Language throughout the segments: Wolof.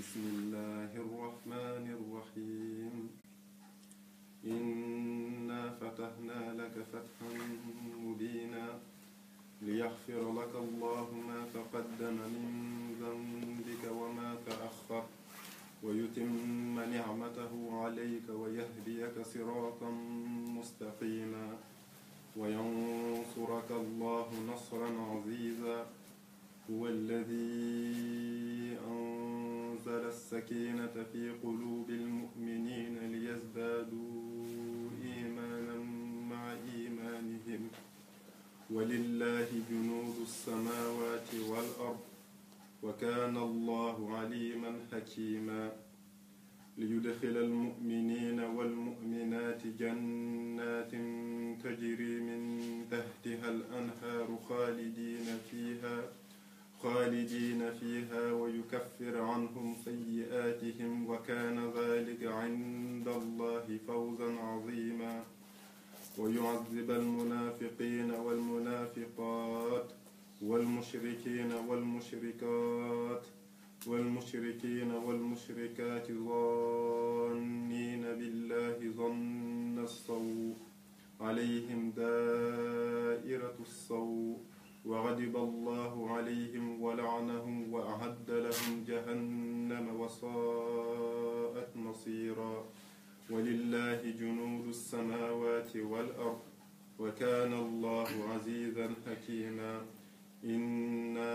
بسم الله الرحمن الرحيم إنا فتحنا لك فتحا مبينا ليغفر لك الله ما تقدم من ذنبك وما تأخر ويتم نعمته عليك ويهديك صراطا مستقيما وينصرك الله نصرا عزيزا هو الذي أن أنزل السكينة في قلوب المؤمنين ليزدادوا إيمانا مع إيمانهم ولله جنود السماوات والأرض وكان الله عليما حكيما ليدخل المؤمنين والمؤمنات جنات تجري من تحتها الأنهار خالدين فيها خالدين فيها ويكفر عنهم سيئاتهم وكان ذلك عند الله فوزا عظيما ويعذب المنافقين والمنافقات والمشركين والمشركات والمشركين والمشركات ظانين بالله ظن السوء عليهم دائرة السوء وغضب الله عليهم ولعنهم وأعد لهم جهنم وساءت مصيرا ولله جنود السماوات والأرض وكان الله عزيزا حكيما إنا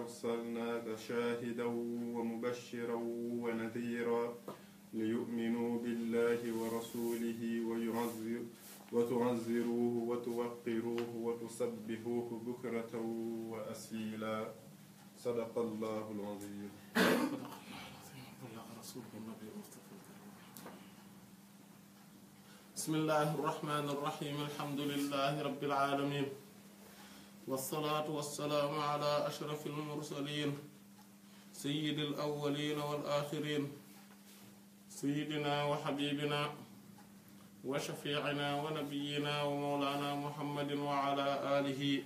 أرسلناك شاهدا ومبشرا ونذيرا ليؤمنوا بالله ورسوله ويعذبوا وتعزروه وتوقروه وتسبحوه بكرة وأسيلا صدق الله العظيم صدق الله العظيم بسم الله الرحمن الرحيم الحمد لله رب العالمين والصلاة والسلام على أشرف المرسلين سيد الأولين والآخرين سيدنا وحبيبنا وشفيعنا ونبينا ومولانا محمد وعلى آله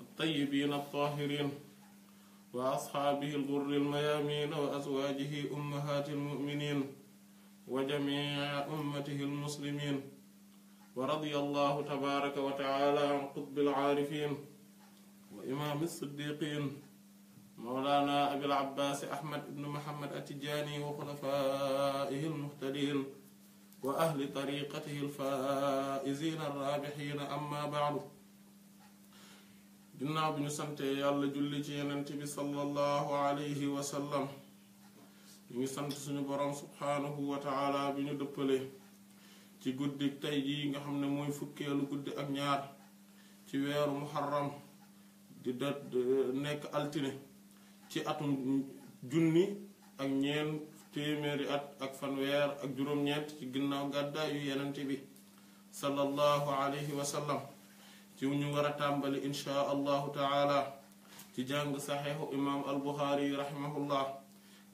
الطيبين الطاهرين وأصحابه الغر الميامين وأزواجه أمهات المؤمنين وجميع أمته المسلمين ورضي الله تبارك وتعالى عن قطب العارفين وإمام الصديقين مولانا أبي العباس أحمد بن محمد أتجاني وخلفائه المهتدين wa ahli tariqatihi alfaa'izina arraabihiina amma baadu ginnaaw bu ñu santee yàlla julli ci yenent bi sallallahu alayhi wa ñu ngi sant suñu borom subhaanahu wa taala bi ñu dëppalee ci guddi tey jii nga xam ne mooy fukkeelu guddi ak ñaar ci weeru muharram di da nekk altine ci atum junni ak ñeent téeméeri at ak fanweer ak juróom-ñeent ci ginnaaw gàddaay yu yenente bi sallallahu alayhi wa ci ñu war a tàmbali inchaa allahu taala ci jàng saxeexu imaam al buxaari rahimahullah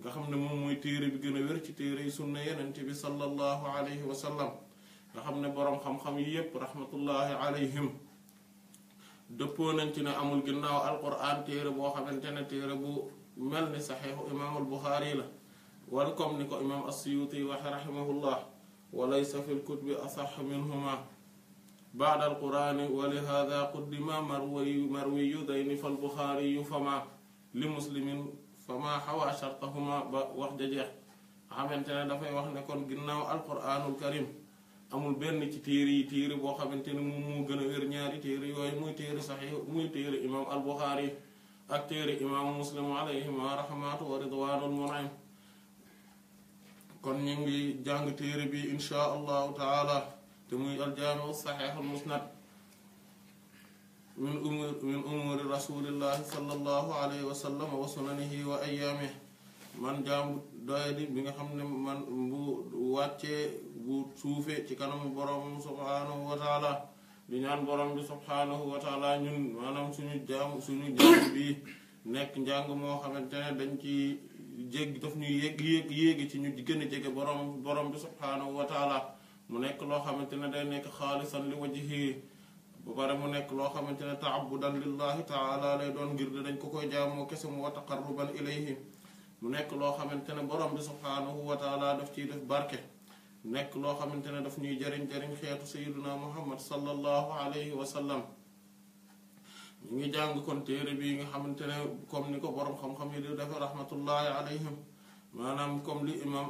nga xam ne moom mooy téere bi gën a wér ci téere yi sunna yenente bi sallallahu alayhi wa sallam nga xam ne boroom xam-xam yi yépp rahmatullahi alayhim dëppoo nañ ci ne amul ginnaaw alquran téere boo xamante ne téere bu mel ni saxeexu imaamul buxaari la ولكم نكو إمام السيوطي رحمه الله وليس في الكتب أصح منهما بعد القرآن ولهذا قدم مروي, مروي ذين فالبخاري فما لمسلم فما حوى شرطهما وحججه خامتنا دا فاي واخ نكون غيناو القران الكريم امول بن تي تيري تيري بو خامتني مو مو غنا وير نياري تيري يوي مو تيري صحيح مو تيري امام البخاري اك تيري امام مسلم عليهما رحمات ورضوان المنعم kon ñu ngi jàng téere bi insha allahu taala te muy aljaamiu saxiix almusnad min umuri rasulillahi sallallahu alayhi wa wa sunanihi wa ayaamih man jaam doyadi bi nga xam ne man bu bu suufee ci kanamu borom subhaanahu wa taala di ñaan borom bi subhaanahu wa taala ñun maanaam suñu jaam suñu jaam bi nekk njàng moo xamante ne dañ ci jéggi daf ñuy yegg yegg yegg ci ñu gën a jege borom borom bi subhanahu wa taala mu nekk loo xamante ne day nekk xaalisan li wajhihi ba pare mu nekk loo xamante ne taabudan lillahi taala lay doon ngir dañ ko koy jaamoo kese mu wa taqarruban ilayhi mu nekk loo xamante ne borom bi subhanahu wa taala daf ciy def barke nekk loo xamante ne daf ñuy jariñ jariñ xeetu sayyiduna muhammad sallallahu alayhi wa sallam ñu ngi jàng kon téere bi nga xamante ne comme ni ko borom xam-xam yi di dafa rahmatullahi alayhim maanaam comme li imam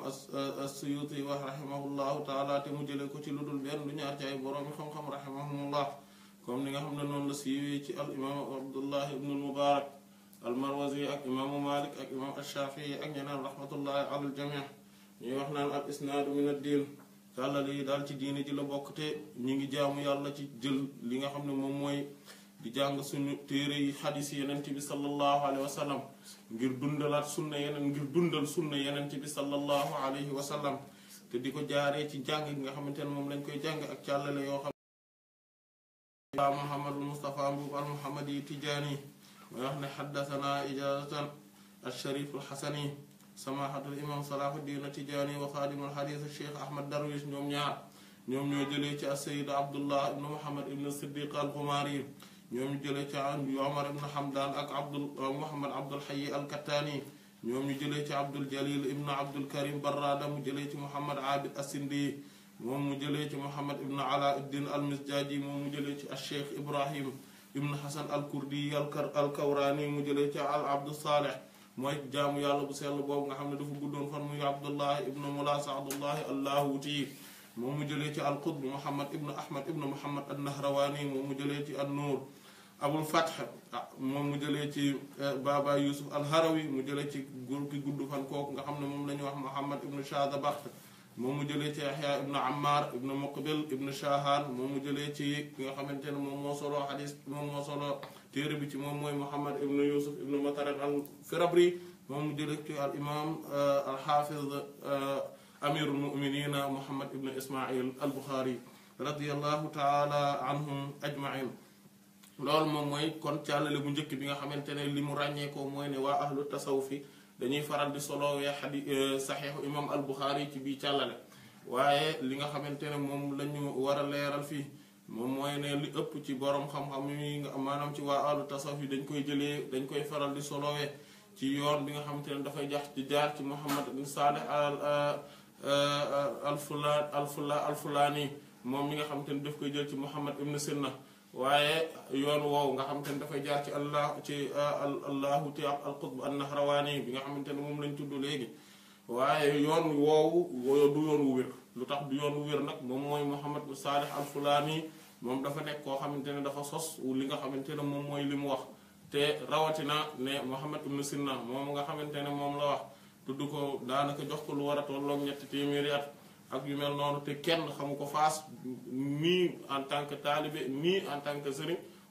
as-Suyuti wax rahimahullahu taala te mu jële ko ci lu dul benn du ñaar ci ay xam-xam rahimahumullah comme ni nga xam ne noonu la siiwee ci al imam abdullah ibn al mubarak al marwazi ak imaamu malik ak imam ashafii ak ñeneen rahmatullahi ala aljami ñuy wax naan al isnaadu min ad diin tàllal yi daal ci diine ji la bokk ñu ngi jaamu yàlla ci jël li nga xam ne moom mooy di jàng suñu téere yi xadis yenent bi sallallahu alayhi wa sallam ngir dundalaat sunna yeneen ngir dundal sunna yenent bi sallallahu alayhi wa sallam te di ko jaaree ci jàng gi nga xamante ne moom lañ koy jàng ak càllale yoo xam a muhammadul mustapha mbuub al muhammad tijaani yi mooy wax ne xaddasanaa a tijaani wa ahmad darwish ñoom ñaar ñoom ñoo jëlee ci asayid abdullah ibnu muhammad ibnu siddiq al xumaari ñoom ñu jëlee ci Umar ibn Hamdan ak Abdul Muhammad Abdul Hayy al-Kattani ñoom ñu jëlee ci Abdul Jalil ibn Abdul Karim Barrada mu jëlee ci Muhammad Abid as-Sindi moom mu jëlee ci Muhammad ibn Alauddin al-Mizjaji moom mu jëlee ci al-Cheikh Ibrahim ibn Hasan al-Kurdi al-Kawrani mu jëlee ci al-Abdu Salih mooy jaamu yàlla bu sell boobu nga xam ne dafa guddoon fan muy Abdullah ibn Mula Sa'dullahi al-Lahuti moom mu jëlee ci al-Qutb Muhammad ibn Ahmad ibn Muhammad an-Nahrawani moom mu jëlee ci an-Nur abul fath moom mu jëlee ci baba yusuf alharawi mu jëlee ci góor ki gudd fan kooku nga xam ne moom la ñuy wax muhammad ibnu shadabaht moom mu jëlee ci yaxya ibnu ammar ibnu muqbil ibnu shahan moom mu jëlee ci ki nga xamante ne moom moo solo hadis moom moo solo téere bi ci moom mooy muhammad ibnu yusuf ibnu matarak al firabri moom mu jëlee ci al imam al hafiz amirul muminina muhammad ibnu ismail al bukhari radiallahu taala anhum ajmain loolu moom mooy kon càllale bu njëkk bi nga xamante ne li mu ràññeekoo mooy ne waa ahlu tasawufi dañuy faral di solowee xadi euh, saxeexu imam al buxaari ci bii càllale waaye li nga xamante ne moom la ñu war a leeral fii moom mooy ne li ëpp ci borom xam-xam yi maanaam ci waa ahlu tasawufi dañ koy jëlee dañ koy faral di solowee ci yoon bi nga xamante ne dafay jax di jaar ci muhammad bin saalih al alfula euh, euh, alfula alfulaani moom mi nga xamante ne daf koy jël ci muhammad ibn sinna waaye yoon woowu nga xamante ne dafay jaar ci allah ci uh, allahu ti al qutb an nahrawaani bi nga xamante ne moom lañ tudd léegi waaye yoon woowu du yoon wér lu tax yoon wu nag moom mooy Muhammad bu Saalih al Fulaani moom dafa nekk koo xamante ne dafa sos li nga xamante ne moom mooy li mu wax te rawatina ne Muhammad ibn Sinna moom nga xamante ne moom la wax tudd ko daanaka jox ko lu war a tolloog ñetti téeméeri at ak yu mel noonu te kenn xamu ko faas nii en tant que taalibe nii en tant que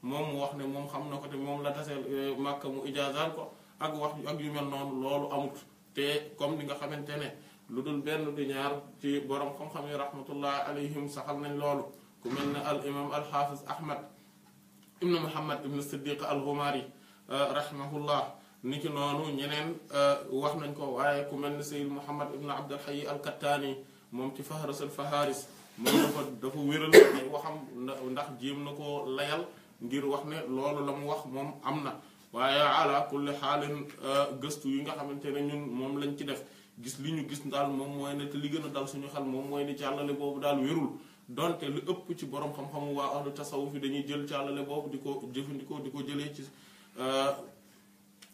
moom mu wax ne moom xam na ko te moom la taseel euh, màkk mu ijaazal ko ak wax ak yu mel noonu loolu amut te comme ni nga xamante ne lu dul benn du ñaar ci borom xam ni yi rahmatullah alayhim saxal nañ loolu ku mel ne al imam al xaafis ahmad ibnu muhammad ibnu siddiq al gumari euh, rahimahullah ni ki noonu ñeneen euh, wax nañ ko waaye ku mel ne sayid muhammad ibnu abdul hayy al kattaani moom ci faharasul faharis moom dafa dafa wéral ay waxam ndax jéem na ko layal ngir wax ne loolu la mu wax moom am na waaye ala kulli xaalin euh, gëstu yi nga xamante ne ñun moom lañ ci def gis li ñu gis ndaal moom mooy ne te li gën a dal suñu xel moom mooy ni càllale boobu daal wérul donte lu ëpp ci borom xam-xamu waa ca tasawuf yi dañuy jël càllale boobu di ko jëfandikoo di ko jëlee ci euh,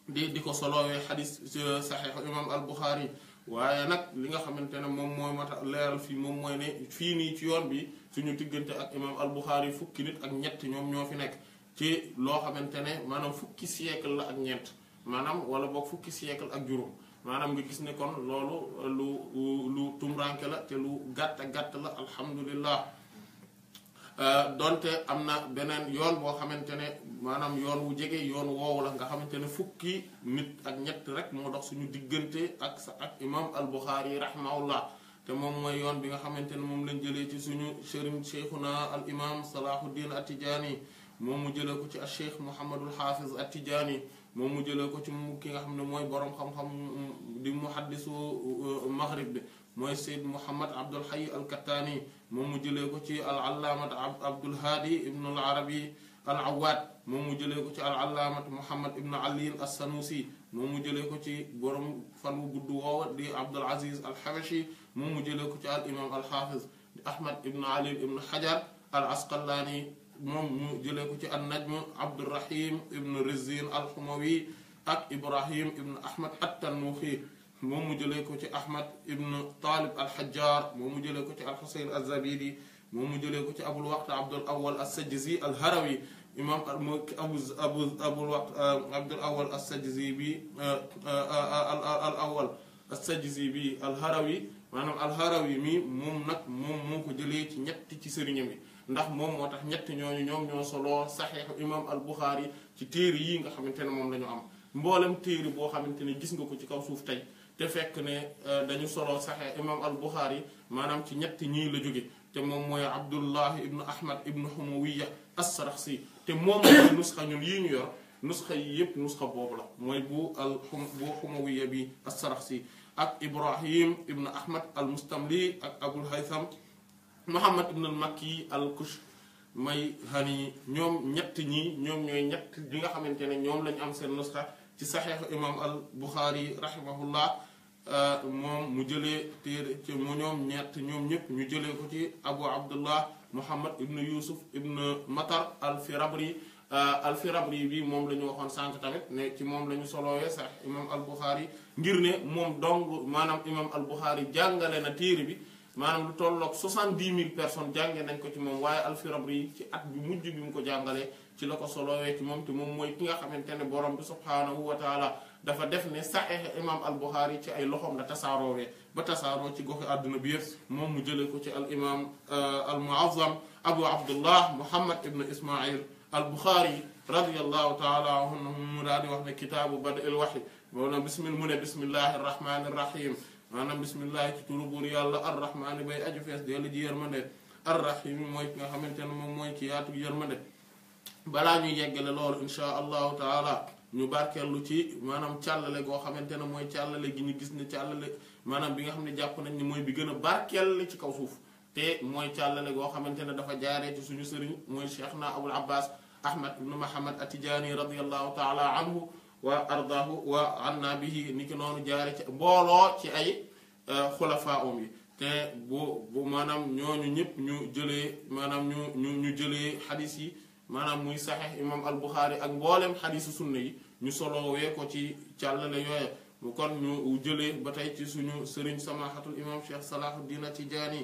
di di ko soloowee xadis euh, saxiix imam al buxaari waaye nag li nga xamante ne moom mooy a leeral fii moom mooy ne fii nii ci yoon bi suñu diggante ak imam al-Bukhari fukki nit ak ñett ñoom ñoo fi nekk ci loo xamante ne maanaam fukki siècle la ak ñeent maanaam wala boog fukki siècle ak juróom maanaam nga gis ne kon loolu lu lu tumranke la te lu gàtt gàtt la alhamdulillah Euh, donte am na beneen yoon boo xamante ne maanaam yoon wu jege yoon woowu la nga xamante ne fukki nit ak ñett rek moo dox suñu diggante ak sa ak imam al buxaari rahimahullah te moom mooy yoon bi nga xamante ne moom lañ jëlee ci suñu sëriñ cheikhuna al imam salahuddin atijaani moom mu jëlee ko ci al cheikh muhammadul hafiz atijaani moom mu jëlee ko ci mu ki nga xam ne mooy borom xam-xam di muhaddisu euh, maghrib bi mooy seyd muhammad abdul xay al kattaani moom mu jëlee ko ci al allaamat abdul haadi ibnu al arabi al awaad moom mu jëlee ko ci al allaamat muhammad ibnu ali al sanusi moom mu jëlee ko ci borom fan wu gudd woowa di abdul aziz al xabashi moom mu jëlee ko ci al imam al xaafiz di ahmad ibnu ali ibnu xajar al asqalaani moom mu jëlee ko ci an najm abdurahim ibnu rizin al xumawi ak ibrahim ibnu ahmad at tanuuxi moom mu jëlee ko ci ahmad ibn talib alxajjar moom mu jëlee ko ci alxusayn alzabidi moom mu jëlee ko ci abul waqt abdul awal alsajzi alharawi imam abu abu abul waqt abdul awal alsajzi bi al awal alsajzi bi alharawi maanaam alharawi mi moom nag moom moo ko jëlee ci ñetti ci sëriñam yi ndax moom moo tax ñetti ñooñu ñoom ñoo soloo saxiixu imam al buxaari ci téere yi nga xamante ne moom la ñu am mboolem téere boo xamante ne gis nga ko ci kaw suuf tey te fekk ne dañu solo saxe imam al bukhari manam ci ñett ñi la jóge te mom moy abdullah ibn ahmad ibn ibnu as-sarhsi te mom moy nuskha ñun yi ñu yor nuskha yi yépp nusxa boobu la moy bu al bu humawiya bi as-sarhsi ak ibrahim ibn ahmad al mustamli ak abul haytham muhammad ibnu al makki al kush may hani ñoom ñett ñi ñoom ñooy ñett ñi nga xamante ne ñoom lañu am seen nusxa ci saxeexu imam al buxaari rahimahullah Euh, moom mu jëlee téere ci mu ñoom ñett ñoom ñëpp ñu jëlee ko ci abu abdullah muhammad ibn yusuf ibn matar al firabri euh, al firabri bi moom la ñu waxoon sànq tamit ne ci moom la ñu solowee sax imam al buxaari ngir ne moom dong maanaam imam al buxaari jàngale na téere bi maanaam lu tolloog 70 mille personnes jànge nañ ko ci moom waaye al firabri ci at bi mujj bi mu ko jàngalee ci la ko solowee ci moom te moom mooy ki nga xamante ne borom bi subhaanahu wa taala dafa def ne saxiix imam al buxaari ci ay loxoom la tasaaroowee ba tasaaroo ci goxi àdduna bi yëpp moom mu jëlee ko ci al imam al muazzam abu abdullah muhammad ibn ismail al buxaari radiyallahu taala anhu mu daal di wax ne kitaabu bada il waxi maanaam bismil mu ne bismillahi arrahmani irrahim maanaam bismillahi ci turu buur yàlla arrahmaani bay aju fees dee la ji yërmande arrahim mooy ki nga xamante ne moom mooy ki yaatu yërmande balaa ñuy yeggale loolu insha allahu taala ñu barkeellu ci maanaam càllale goo xamante ne mooy càllale gi ñu gis ne càllale maanaam bi nga xam ne jàpp nañ ni mooy bi gën a barkeelle ci kaw suuf te mooy càllale goo xamante ne dafa jaaree ci suñu sëriñ mooy cheikh na abul abbas ahmad ibnu mahamad atijaani radiallahu taala anhu wa ardaahu wa anna bihi ni ki noonu jaare ci mbooloo ci ay euh, xulafaa um yi te bu bu maanaam ñooñu ñëpp ñu jëlee maanaam ñu ñu ñu jëlee xadis yi maanaam muy saxeex imam al buxaari ak mboolem xadiisu sunna yi ñu soloowee ko ci càllale yooye kon ñu jëlee ba tey ci suñu sëriñ samaaxatul imam cheikh salahuddin tijaani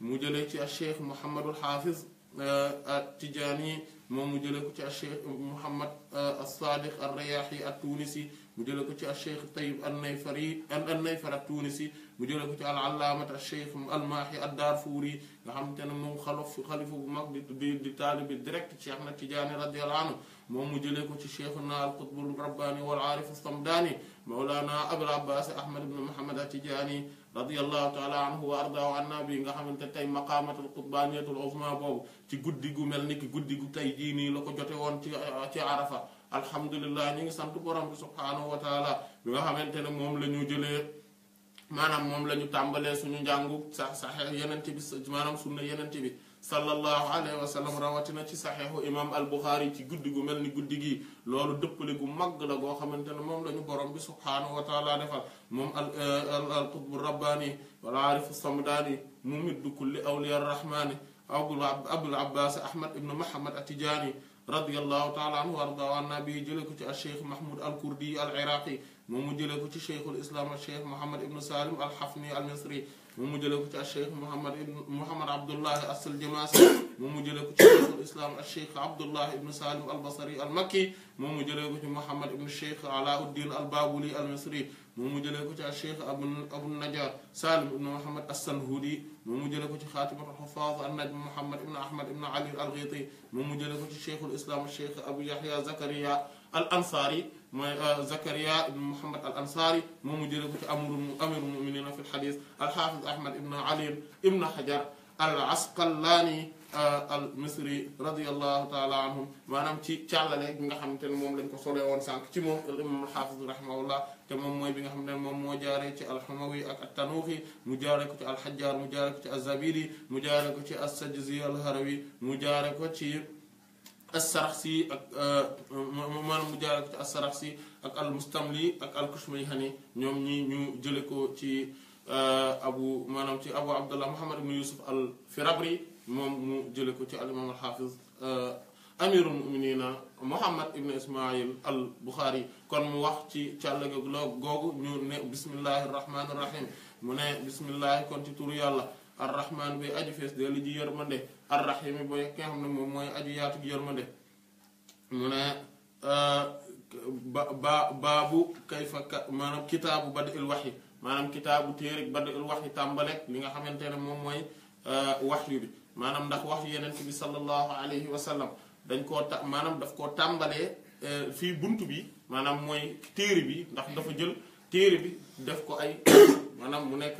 mu jëlee ci cheikh mouhamadul xaafis euh, tijaani moom mu jëlee ko ci cheikh mouhamad euh, as-sadiq ar-rayaahi at-tunisi mu jëlee ko ci a cheikh tayyib an-nayfari an-nayfar at-tunisi bu jëlee ko ci al allaamata cheikh al maahi ad daarfuuri nga xamante ne moom xalof xalifa bu mag di di taalibi direct cheikh na tijaani radiyallahu anhu moom mu jëlee ko ci cheikhuna al qutbul rabbaani wal aarif samdani maulana abul abbaas ahmad ibn muhammad atijaani radiyallahu taala anhu wa arda wa anna bi nga xamante tey maqaamatul qutbaaniyatul uzma boobu ci guddi gu mel ni ki guddi gu tey jii nii la jote woon ci ci arafa alhamdulillah ñu ngi sant borom bi wa taala nga xamante ne moom la maanaam moom la ñu tàmbalee suñu njàngu sa saxeex yenente bi maanaam sunna yenente bi sallallahu alayhi wa sallam rawatina ci saxeexu imam al buxaari ci guddi gu mel ni guddi gi loolu dëppale gu màgg la goo xamante ne moom la ñu borom bi subhaanahu wa taala defal moom al euh, al qutbu rabbaani wal aarifu samdaani mumiddu kulli awliya rahmaani abul abul abbas ahmad ibnu muhammad atijaani radiyallahu taala anhu wa arda wa anna bi jële ko ci al cheikh mahmoud al kurdi al iraqi ممجلكو تي شيخ الاسلام الشيخ محمد ابن سالم الحفني المصري ممجلكو تي الشيخ محمد محمد عبد الله السلجماسي ممجلكو تي شيخ الاسلام الشيخ عبد الله ابن سالم البصري المكي ممجلكو تي محمد ابن الشيخ علاء الدين البابولي المصري ممجلكو الشيخ ابو ابو النجار سالم ابن محمد السنهودي ممجلكو تي خاتم الحفاظ النجم محمد ابن احمد ابن علي الغيطي ممجلكو تي شيخ الاسلام الشيخ ابو يحيى زكريا الانصاري زكريا بن محمد الانصاري مومو جيرو امر امر المؤمنين في الحديث الحافظ احمد ابن علي ابن حجر العسقلاني المصري رضي الله تعالى عنهم مانام تي تيالال ليغا خامتاني موم لنجو سولي وون سانك تي الامام الحافظ رحمه الله تي موم موي بيغا خامتاني موم مو تي الحموي التنوخي مو تي الحجار مو تي الزبيدي مو جاري كو تي السجزي الهروي مو تي si ak euh, maanaam mu jaar ci assaraxsi ak al mustamli ak al kushmayhani ñoom ñi ñu jële ko ci euh, abu maanaam ci abu abdullah muhammad ibn yusuf al firabri moom mu jële ko ci al imam al xaafiz euh, amirul muminina muhammad ibn ismail al buxaari kon mu wax ci càllage googu ñu ne bismillahi mu ne bismillahi kon ci turu yàlla arrahman bay aju fees dellu ji yërmande arrahimi bay ki nga xam ne moom mooy aju yaatu gi yërmande mu ne euh, ba ba baabu kay fa maanaam kitaabu bad il waxyi maanaam kitaabu téerig nga xamante ne moom mooy euh, waxyu bi maanaam ndax wax yenent bi sallallahu alayhi wa sallam dañ koo ta maanaam daf koo tàmbalee euh, fii bunt bi maanaam mooy téere bi ndax dafa jël téere bi def ko ay maanaam mu nekk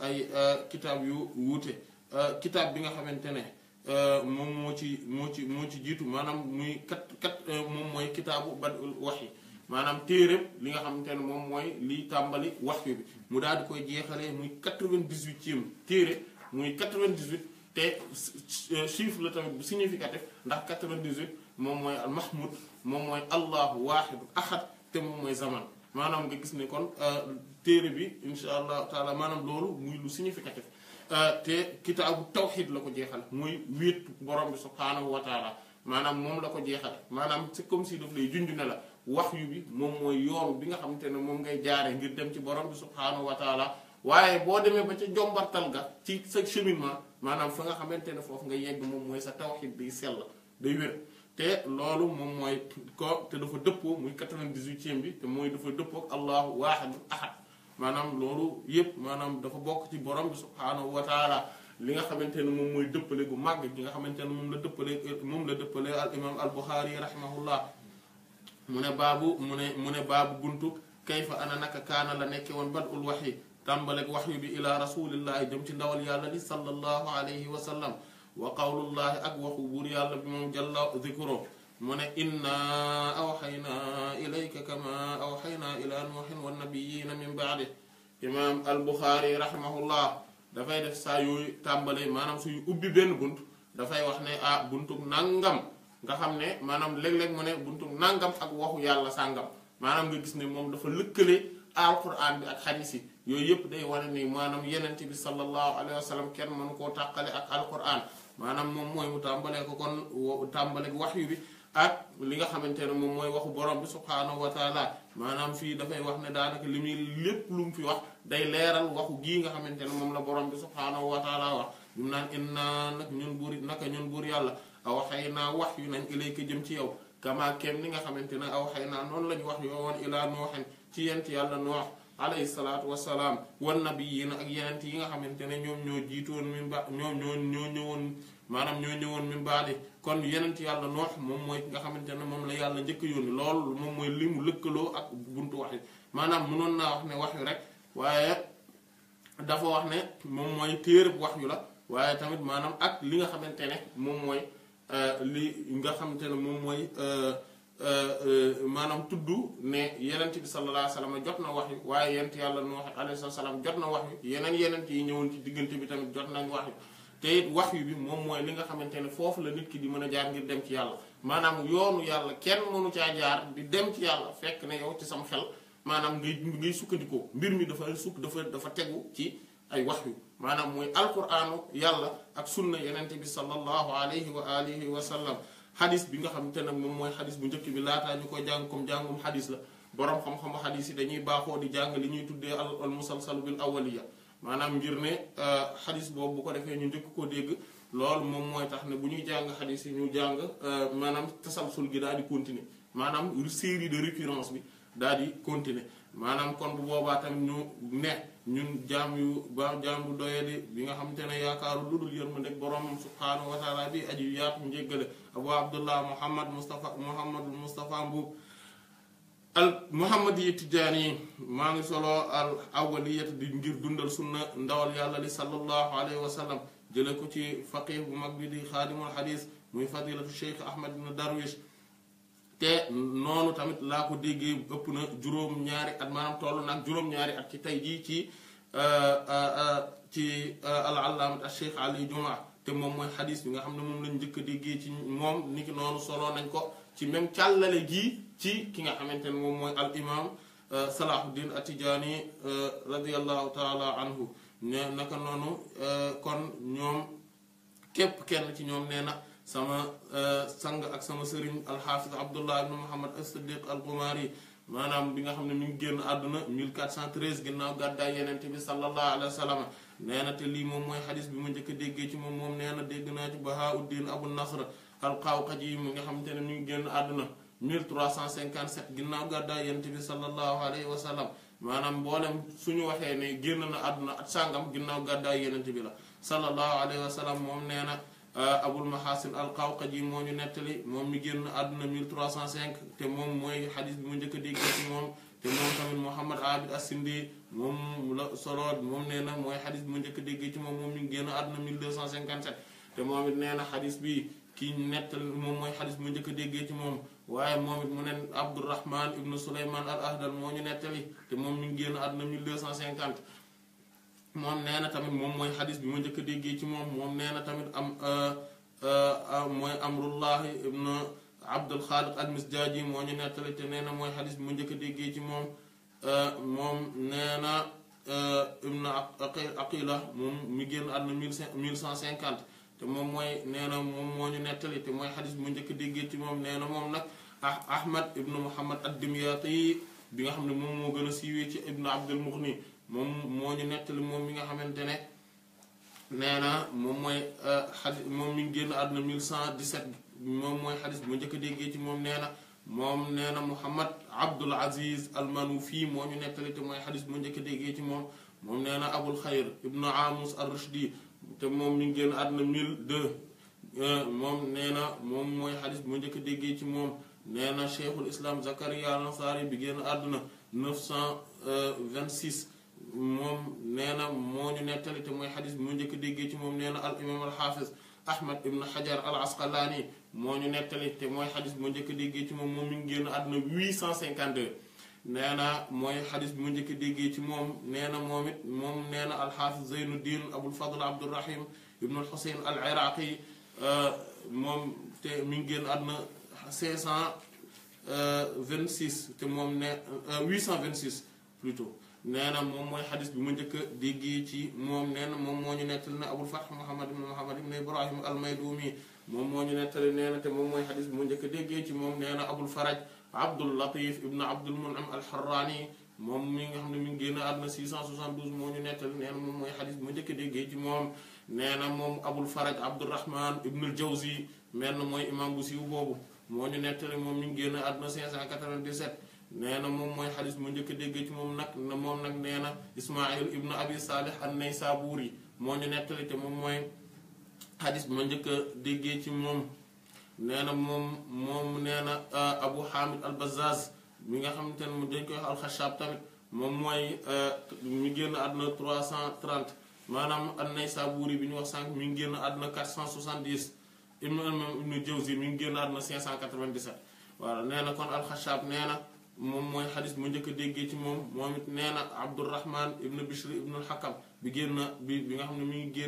ay euh, kitaab yu wuute euh, kitaab bi nga xamante ne euh, moom moo ci moo ci moo ci jiitu maanaam muy kat kat moom mooy kitaabu badul wahyi maanaam téeréb li nga xamante ne moom mooy liy tàmbali wax wahyi bi mu daal di koy jeexalee muy quatre-vingt-dix-huitième téere muy quatre-vingt-dix-huit te chiffre la tamit bu significatif ndax quatre-vingt-dix-huit moom mooy al mahmud moom mooy allahu waahidu ahad te moom mooy zaman maanaam nga gis ne kon téere bi insha allahu taala maanaam loolu muy lu significatif euh, te kitaabu tawxid la ko jeexal muy wéet borom bi subhaanahu wa taala maanaam moom la ko jeexal maanaam c'est comme si daf lay junj la wax yu bi moom mooy yoon bi nga xamante ne moom ngay jaare ngir dem ci borom bi subhaanahu wa taala waaye boo demee ba ca jombartal ga ci sa maanaam fa nga xamante ne foofu nga yegg moom mooy sa tawxid day sell day wér te loolu moom mooy ko te dafa dëppoo muy 98e bi te mooy dafa dëppoo ak allahu waaxadu ahad manam lolu yep manam dafa bok ci borom bi subhaanahu wa taala li nga xamantene mom moy deppele gu mag gi nga xamantene mom la deppele mom la deppele al imam al bukhari rahimahullah mune babu mune mune babu mu buntu kayfa ana naka kana la nekke won badul wahyi waxyi tàmbaleeg wahyi bi ila rasulillahi dem ci ndawal yàlla li sallallahu alayhi wa sallam wa qawlullahi ak waxu buur yàlla bi mom jalla dhikru mu ne inna awxaynaa ilayka kama awxaynaa ila nuuxin wannabiyina min baadi imaam albuxaari rahimahullah dafay def saa yooyu tàmbale maanaam suy ubbi benn Dafai wahne a ne ah buntuk nangam nga xam ne maanaam léeg-léeg mu ne buntuk nangam ak waxu yàlla sàngam maanaam nga gis ne bi ak xadis yi yooyu yëpp day wane ni maanaam yenent bi sallallahu alayhi wa sallam kenn mënu koo tàqale ak alquran maanaam moom mooy mu tàmbalee kon tàmbale waxyu bi ak li nga xamante ne moom mooy waxu borom bi subhaanahu wa maanaam fii dafay wax ne daanaka li muy lépp lu mu fi wax day leeral waxu gii nga xamante ne moom la borom bi subhaanahu wa taala wax ñum naan inna nag ñun buur naka ñun buur yàlla aw xay naa wax yu nañ ilayka jëm ci yow kama kem ni nga xamante ne aw xay naa noonu la ñu wax yoo woon ilaa nooxen ci yent yàlla noox alayhi salaatu wasalaam wan nabi yi na ak yenent yi nga xamante ne ñoom ñoo jiitoon min ba ñoom ñoo ñoo ñëwoon maanaam ñoo ñëwoon min baadi kon yeneen ci yàlla noox moom mooy nga xamante ne moom la yàlla njëkk yónni loolu moom mooy li mu lëkkaloo ak buntu wax maanaam mënoon naa wax ne wax yu rek waaye dafa wax ne moom mooy téereb wax yu la waaye tamit maanaam ak li nga xamante ne moom mooy euh, li nga xamante ne moom mooy euh, euh, maanaam tudd ne yenent bi sallallahu alayhi wasallam jot na wax yu waaye yenent yàlla noox alayhi salaam jot na wax yu yeneen yenent yi ñëwoon ci diggante bi tamit jot nañ wax yu te it wax yu bi moom mooy li nga xamante ne foofu la nit ki di mën a jaar ngir dem ci yàlla maanaam yoonu yàlla kenn mënu caa jaar di dem ci yàlla fekk na yow ci sama xel maanaam ngay ngay sukkandikoo mbir mi dafa sukk dafa dafa tegu ci ay wax yu maanaam mooy alquraanu yàlla ak sunna yenente bi sallallahu alayhi wa alihi wa sallam xadis bi nga xam xamante ne moom mooy xadis bu njëkk bi laataa ñu koy jàng comme jàngum xadis la borom xam-xamu xadis yi dañuy baaxoo di jàng li ñuy tuddee al musalsal bil awaliya maanaam ngir ne euh, xadis boobu bu ko defee ñu njëkk koo dégg lool moom mooy tax ne bu ñuy jàng xadis yi ñu jàng euh, maanaam tasalsul gi daal di continuer maanaam série de récurrence bi daal di continuer maanaam kon bu boobaa tamit ñu ne ñun jaam yu baax jaam bu doyadi bi nga xam te ne yaakaaru ludul yërmande boroomam subhaanahu wa taala bi aji yaatu njéggale abu abdullah muhammad mustafa muhammadul mustafa mbuub al muhammadiya yi maa ngi solo al awwaliyat di ngir dundal sunna ndawal yàlla li sallallahu alayhi wa sallam jële ko ci faqih bu mag bi di xaadimul xadis muy fadilatu cheikh ahmad ibn darwish te noonu tamit laa ko déggee ëpp na juróom-ñaari at maanaam toll nag juróom-ñaari at ci tey jii ci euh, euh, euh, ci al allaamat al cheikh ali jumaa te moom mooy xadis bi nga xam ne moom lañ njëkk a déggee ci moom niki noonu solo nañ ko ci même càllale gi ci ki nga xamante ne moom mooy al imam euh, salahuddin atijaani euh, radiallahu taala anhu ne naka noonu euh, kon ñoom képp kenn ci ñoom nee na sama sang ak sama sëriñ alxaafis abdullah ibn muhammad as-siddiq al gumaari maanaam bi nga xam ne mi ngi génn àdduna 1413 ginnaaw gàddaay yenente bi sallallahu alayhi wa sallam na te lii moom mooy xadis bi ma njëkk déggee ci moom moom nee na dégg naa ci bahaauddin abu nasr alqaawqaji mu nga xamante ne mu ngi génn àdduna cent 1357 ginnaaw gàddaay yonent bi sallallahu alayhi wa sallam booleem su ñu waxee ne génn na àdduna at sàngam ginnaaw gàddaay yonent bi la sallallahu alayhi wa sallam moom nee na euh, abul mahasin alqawqaji moo ñu nettali moom mi génn àdduna 1305 te moom mooy xadis bi mu njëkk a moom te moom tamit Muhammad Abid As-Sindi moom la na mooy xadis bi mu njëkk a dégg ci moom moom mi génn àdduna 1257 te moom it nee na xadis bi ki netal mom moy hadith bu ndeuk degge ci mom waye momit it mu ne Abdurrahman ibnu sulayman al Ahdal mo ñu netali te mom ñu ngi génn àdduna 1250 mom neena tamit mom moy hadith bi ma ndeuk degge ci mom mom neena tamit am euh euh moy Amrullahi ibnu Abdul khaliq al Misjaaji mo ñu netali te neena moy hadith xadis bi ma njëkk a déggee mom moom moom nee na ibnu Aqila mom mi génn àdduna 1150 موم موي نانا موم مو ني نتالي تي موي حديث مو نك ديغي تي موم نانا موم نك احمد ابن محمد الدمياطي بيغا خامني موم مو غنا سيوي تي ابن عبد المغني موم مو ني نتالي موم ميغا خامنتاني نانا موم موي حديث موم مي ген ادنا 1117 موم موي حديث مو نك ديغي تي موم نانا موم نانا محمد عبد العزيز المنوفي مو ني نتالي تي موي حديث مو نك ديغي تي موم موم نانا ابو الخير ابن عاموس الرشدي te moom mu ngi génn àdduna 1002 euh, moom nee na moom mooy xadis bu ma njëkk déggee ci moom nee na cheikhul islam Zakaria Ansaari bi génn àdduna cent 926 euh, moom nee na moo ñu nettali te mooy xadis bu ma njëkk déggee ci moom nee na al imam al xaafis ahmad ibn hajar al asqalaani moo ñu nettali te mooy xadis bu ma njëkk déggee ci moom moom mi ngi génn àdduna 852 nee moy hadith bi mu njëkk déggee ci mom moom momit mom moom al moom zainuddin abul fadl zeynuddin rahim ibn al husayn al iraqi mom te mi ngi génn àdduna 526 te mom ne 826 plutôt nee mom moy hadith bi mu njëkk déggee ci mom nee mom moñu netal na abul fath muhammad ibn muhammad ibn ibrahim al maydumi mom moñu netal nee te mom moy hadith bi mu njëkk déggee ci mom nee abul faraj Abdul Latif ibn Abdul Mun'im al-Harrani moom mi nga xam ne mi ngi génn àdduna 672 moo ñu nettali nee na moom mooy xadis bi ma njëkk a déggee ci moom nee na moom Abul Faraj Abdurrahman ibn al-Jawzi mel na mooy imam bu siiw boobu moo ñu nettali moom mi ngi génn àdduna 597 nee na moom mooy xadis bi ma njëkk a déggee ci moom nag moom nag nee na Ismaïl ibn Abi Salih an-Naysaburi moo ñu nettali te moom mooy xadis bi ma njëkk a déggee ci moom. nee na moom moom abu hamid al bazaz mi nga xamante ne mu dañ koy wax alxashab tamit moom mooy mi génn àdduna 330 maanaam an-Naysaburi bi ñu wax sànq mi génn àdduna 470 imam ibnu jawzi mi génn àdduna 597 voilà nee kon alxashab nee na moom mooy xadis mu njëkk a ci moom moom it nee na abdurahman ibnu bishri ibnu bi génn bi nga xam mi ngi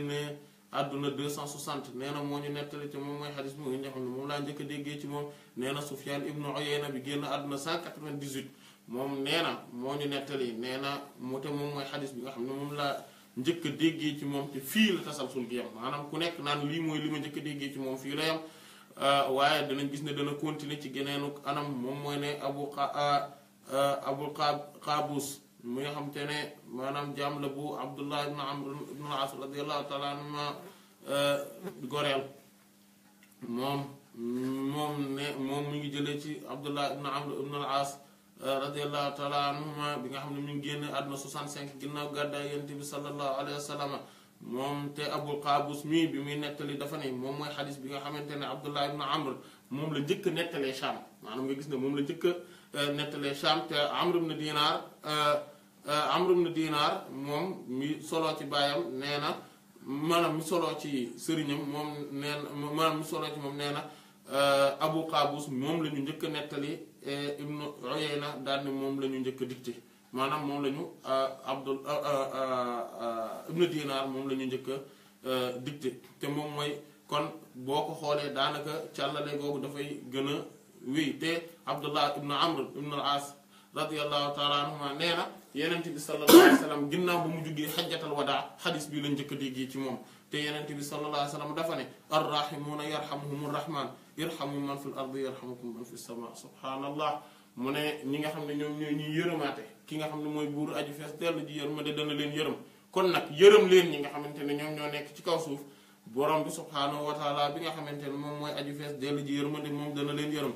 àdduna 260 nee na moo ñu nettali ci moom mooy xadis bi nga xam ne moom laa njëkk a déggee ci moom nee na Sufyaan ibnu Uyayna bi génn àdduna 198 moom nee moo ñu nettali nee na mu te moom mooy xadis bi nga xam ne moom laa njëkk déggee ci moom te fii la tasalsul gi yam maanaam ku nekk naan lii mooy li ma njëkk déggee ci moom fii la yam euh, waaye danañ gis ne dana continuer ci geneenu anam moom mooy ne abu euh, euh, abul qaabus mi nga xam te ne maanaam jaam bu abdullah ibn amr ibn euh, moom moom moom mi ngi jëlee ci abdullah ibn amr ibn al euh, bi nga xam ne mi génn àdduna 65 ginnaaw gàddaay yonent bi sallallahu alayhi wa moom te abul qaabus muy nettali dafa ne bi nga xamante ne abdullah ibn amr moom la njëkk a nettalee Sham maanaam nga gis ne moom la njëkk a euh, nettalee Sham te amr ibn dinaar Euh, Amr ibn Dinar moom mi solo ci baayam nee na maanaam mi solo ci sëriñam moom nee na mi solo ci moom nee na euh, Abu Qaabus moom lañu njëkk a nettali Ibnu Uyayna daal moom la ñu njëkk a dicté maanaam moom la ñu euh, Abdul ibnu Dinar moom la njëkk a dicté te moom mooy kon boo ko xoolee daanaka càllale googu dafay gën a wéy te Abdullah ibnu Amr ibnu as radiyallahu taala anhuma nee yenent bi sallallahu alayhi wa sallam ginnaaw ba mu jugee xajjatal wadaa xadis bi la njëkk a déggee ci moom te yenent bi sallallahu alayhi wa sallam dafa ne arrahimuuna yarhamuhum rahman irhamu man fil ardi yarhamukum man fis sama subhaanallah mu ne ñi nga xam ne ñoom ñooy ñuy yërëmaate ki nga xam ne mooy buur aju fees dellu ji yërmande dana leen yërëm kon nag yërëm leen ñi nga xamante ne ñoom ñoo nekk ci kaw suuf borom bi subhaanahu wa taala bi nga xamante ne moom mooy aju dellu ji yërmande moom dana leen yërëm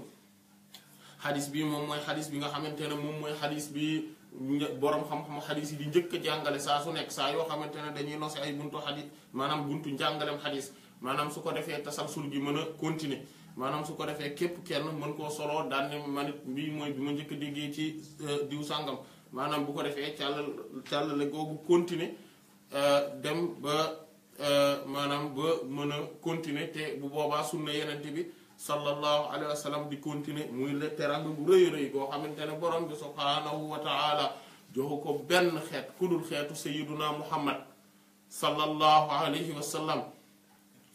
xadis bi moom mooy xadis bi nga xamante ne moom mooy xadis bii borom xam-xam xadis yi di njëkk a jàngale saa su nekk saa yoo xamante ne dañuy noose ay buntu xadis maanaam buntu njàngalem xadis maanaam su ko defee tasalsul gi mën a continuer maanaam su ko defee képp kenn mën koo soloo daan ne manit bii mooy bi ma njëkk a ci e, diw sàngam maanaam bu ko defee càllal càllale googu continuer e, dem ba e, maanaam ba mën a continuer te bu boobaa sunna yenente bi sallallahu alayhi wa sallam di continuer muy le bu rëy rëy koo xamante ne borom bi subhaanahu wa taala joxu ko benn xeet kudul xeetu sayiduna muhammad sallallahu alayhi wa sallam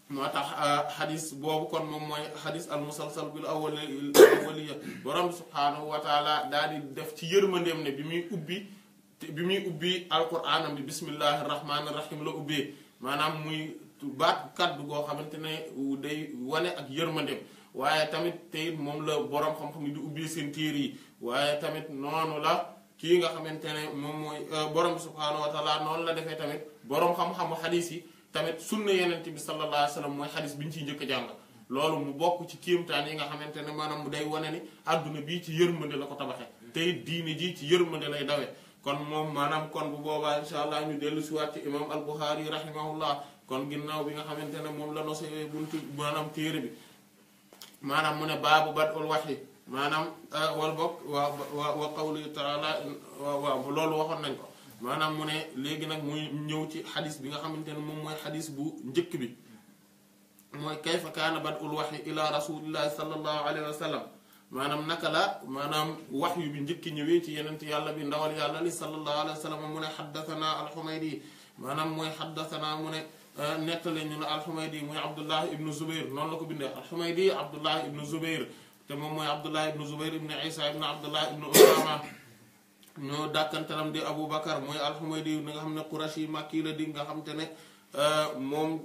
moo tax euh, xadis boobu kon moom mooy xadis al musalsal bil awwaliya borom subhaanahu wa taala daal di def ci yërmandeem ne bi muy ubbi bi muy ubbi alquraanam bi bismillahi rahmaani la ubbee maanaam muy baat kàddu goo xamante ne day wane ak yërmandeem waaye tamit tey moom la boroom xam-xam yi di ubbee seen téere yi waaye tamit noonu la kii nga xamante ne moom mooy euh, borom bi subhaanahu wa noonu la defee tamit boroom xam-xamu xadis yi tamit sunna yenente bi sallallahu alayhi wa sallam mooy bi ñu ciy njëkk a jàng loolu mu bokk ci kéemtaan yi nga xamante ne maanaam mu day wane ni àdduna bii ci yërmande la ko tabaxe tey diine ji ci yërmande lay dawe kon moom maanaam kon bu boobaa incha allah ñu dellu si waat ci imam al buxaari rahimahullah kon ginnaaw bi nga xamante ne moom la nosee buntu maanaam téere bi manam mune babu bad'ul wahyi manam wal bok wa wa qawli taala wa loolu waxoon nañ ko maanaam mu ne léegi muy ñëw ci hadith bi nga xamantene mom moy hadith bu njëkk bi moy kayfa kana bad'ul wahyi ila rasulillahi sallallahu alayhi wa sallam manam nakala manam wahyu bi njëkki ñewé ci yenent yàlla bi ndawal yàlla li sallallahu alayhi wa sallam mune hadathana al-humaydi manam moy hadathana mune Euh, nettali ñu ne alxumaydi muy abdullah ibnu zubair la ko bindee alxumaydi abdullah ibnu zubair te moom mooy abdullah ibnu zubair ibnu isa ibnu abdullah ibnu usama ñoo dàkkantaram di abu bakar mooy alxumaydi di nga xam ne qurashi makki la di nga xam te ne euh, moom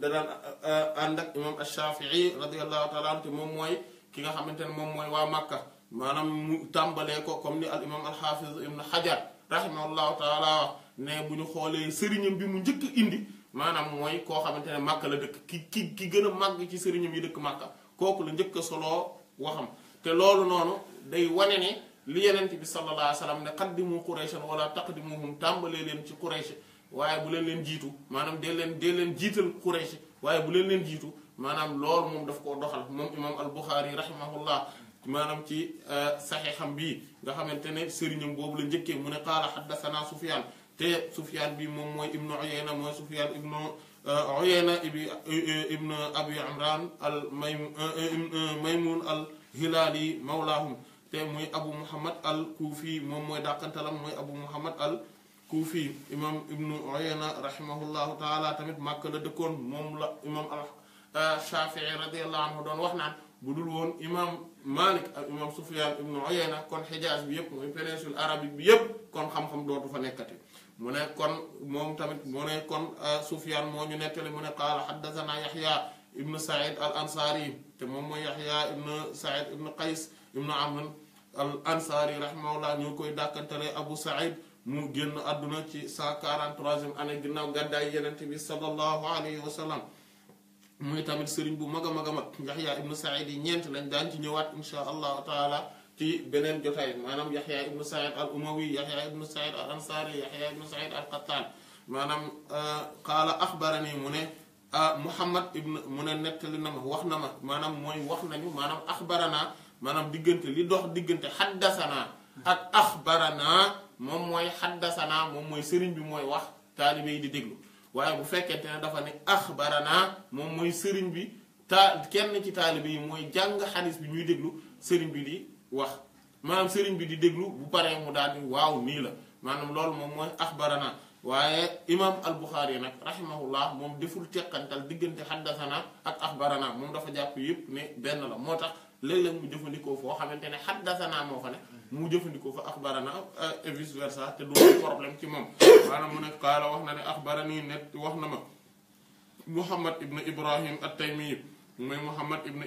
danaan euh, ànd ak imam an moom mooy ki nga xamante ne moom mooy waa makka maanaam mu tàmbalee ko comme ni al imam alxafiz ibnu xajar rahimahullahu taala ne bu ñu xoolee sëriñam bi mu njëkk indi maanaam mooy koo xamante ne màkka la dëkk ki ki ki gën a màgg ci sëriñam yi dëkk màkka kooku la njëkk solo soloo waxam te loolu noonu day wane ne li yenent bi sallallahu alayhi wa sallam ne qaddimu qurayshan wala taqdimuhum tàmbalee leen ci quraysh waaye bu leen leen jiitu maanaam dee leen dee leen jiital quraysh waaye bu leen leen jiitu maanaam loolu moom daf koo doxal moom imam al buxaari rahimahullah maanaam ci euh, saxeexam bi nga xamante ne sëriñam boobu la njëkkee mu ne qaala xaddasanaa sufyaan te sufyan bi mom moy ibnu Uyayna moy sufyan ibnu Uyayna ibnu Abi Imraan al maymun al hilali mawlahum te moy Abu Muhammad al kufi mom moy dakantalam moy Abu Muhammad al kufi imam ibnu Uyayna rahimahullahu taala tamit Makka la dëkkoon mom la imam al Shafii radiyallahu anhu don wax naan bu imam Malik ak imam Sufyaan ibnu Uyayna kon hijaz bi yëpp mooy péninsule arabique bi yëpp kon xam-xam dootu fa mu ne kon moom tamit mu ne kon Sufyaan moo ñu nettali mu ne qaala xaddasanaa Yaxya ibnu Saïd al Ansaari te moom mooy Yaxya ibnu Saïd ibnu Qays ibnu Amr al Ansaari rahimahullah ñu koy dàkkantale Abu Saïd mu génn àdduna ci 143e année ginnaaw gàddaay Yonent bi sallallahu alayhi wa sallam muy tamit sëriñ bu mag a mag a mag Yaxya ibnu Saïd yi ñeent lañ daan ci ñëwaat insha allahu taala. ci benen jotay manam yahya ibn said al umawi yahya ibn said al ansari yahya ibn said al qattan manam qala akhbarani mu muhammad ibn mu ne nam na ma wax na ma maanaam mooy wax nañu li dox digeunte hadathana ak akhbarana mom moy hadathana mom moy serigne bi moy wax talibey di déglu waye bu fekete dafa ni akhbarana mom moy serigne bi ta kenn ci talibey moy jàng hadith bi ñuy déglu serigne bi wax maanaam sëriñ bi di déglu bu paree mu daal di waaw nii la maanaam loolu moom mooy axbarana waaye imam al buxaari nag rahimahullah moom deful teqantal diggante xaddasana ak axbarana moom dafa jàpp yépp ne benn la moo tax léeg-léeg mu jëfandikoo foo xamante ne xaddasana moo fa ne mu jëfandikoo fa axbarana euh, et vice versa te du problème ci moom maanaam mu ne kaala wax na ne axbarani net wax na ma muhammad ibn ibrahim at taymi mooy muhammad ibn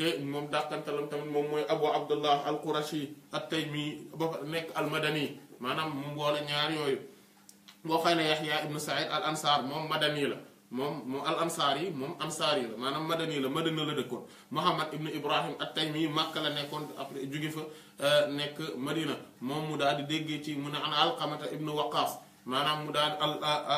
te moom dàqantalam tamit moom mooy abu abdullah al qurashi at taymi ba nekk al madani maanaam mu boole ñaar yooyu boo xëy ne yaxya ibnu said al ansar moom madani la moom moom al ansaar yi moom ansaar yi la maanaam madani la madina la dëkkoon muhammad ibnu ibrahim at taymi màkka la nekkoon après jóge fa euh, nekk madina moom mu daal di déggee ci mu ne an alqamata ibnu waqaas maanaam mu daal al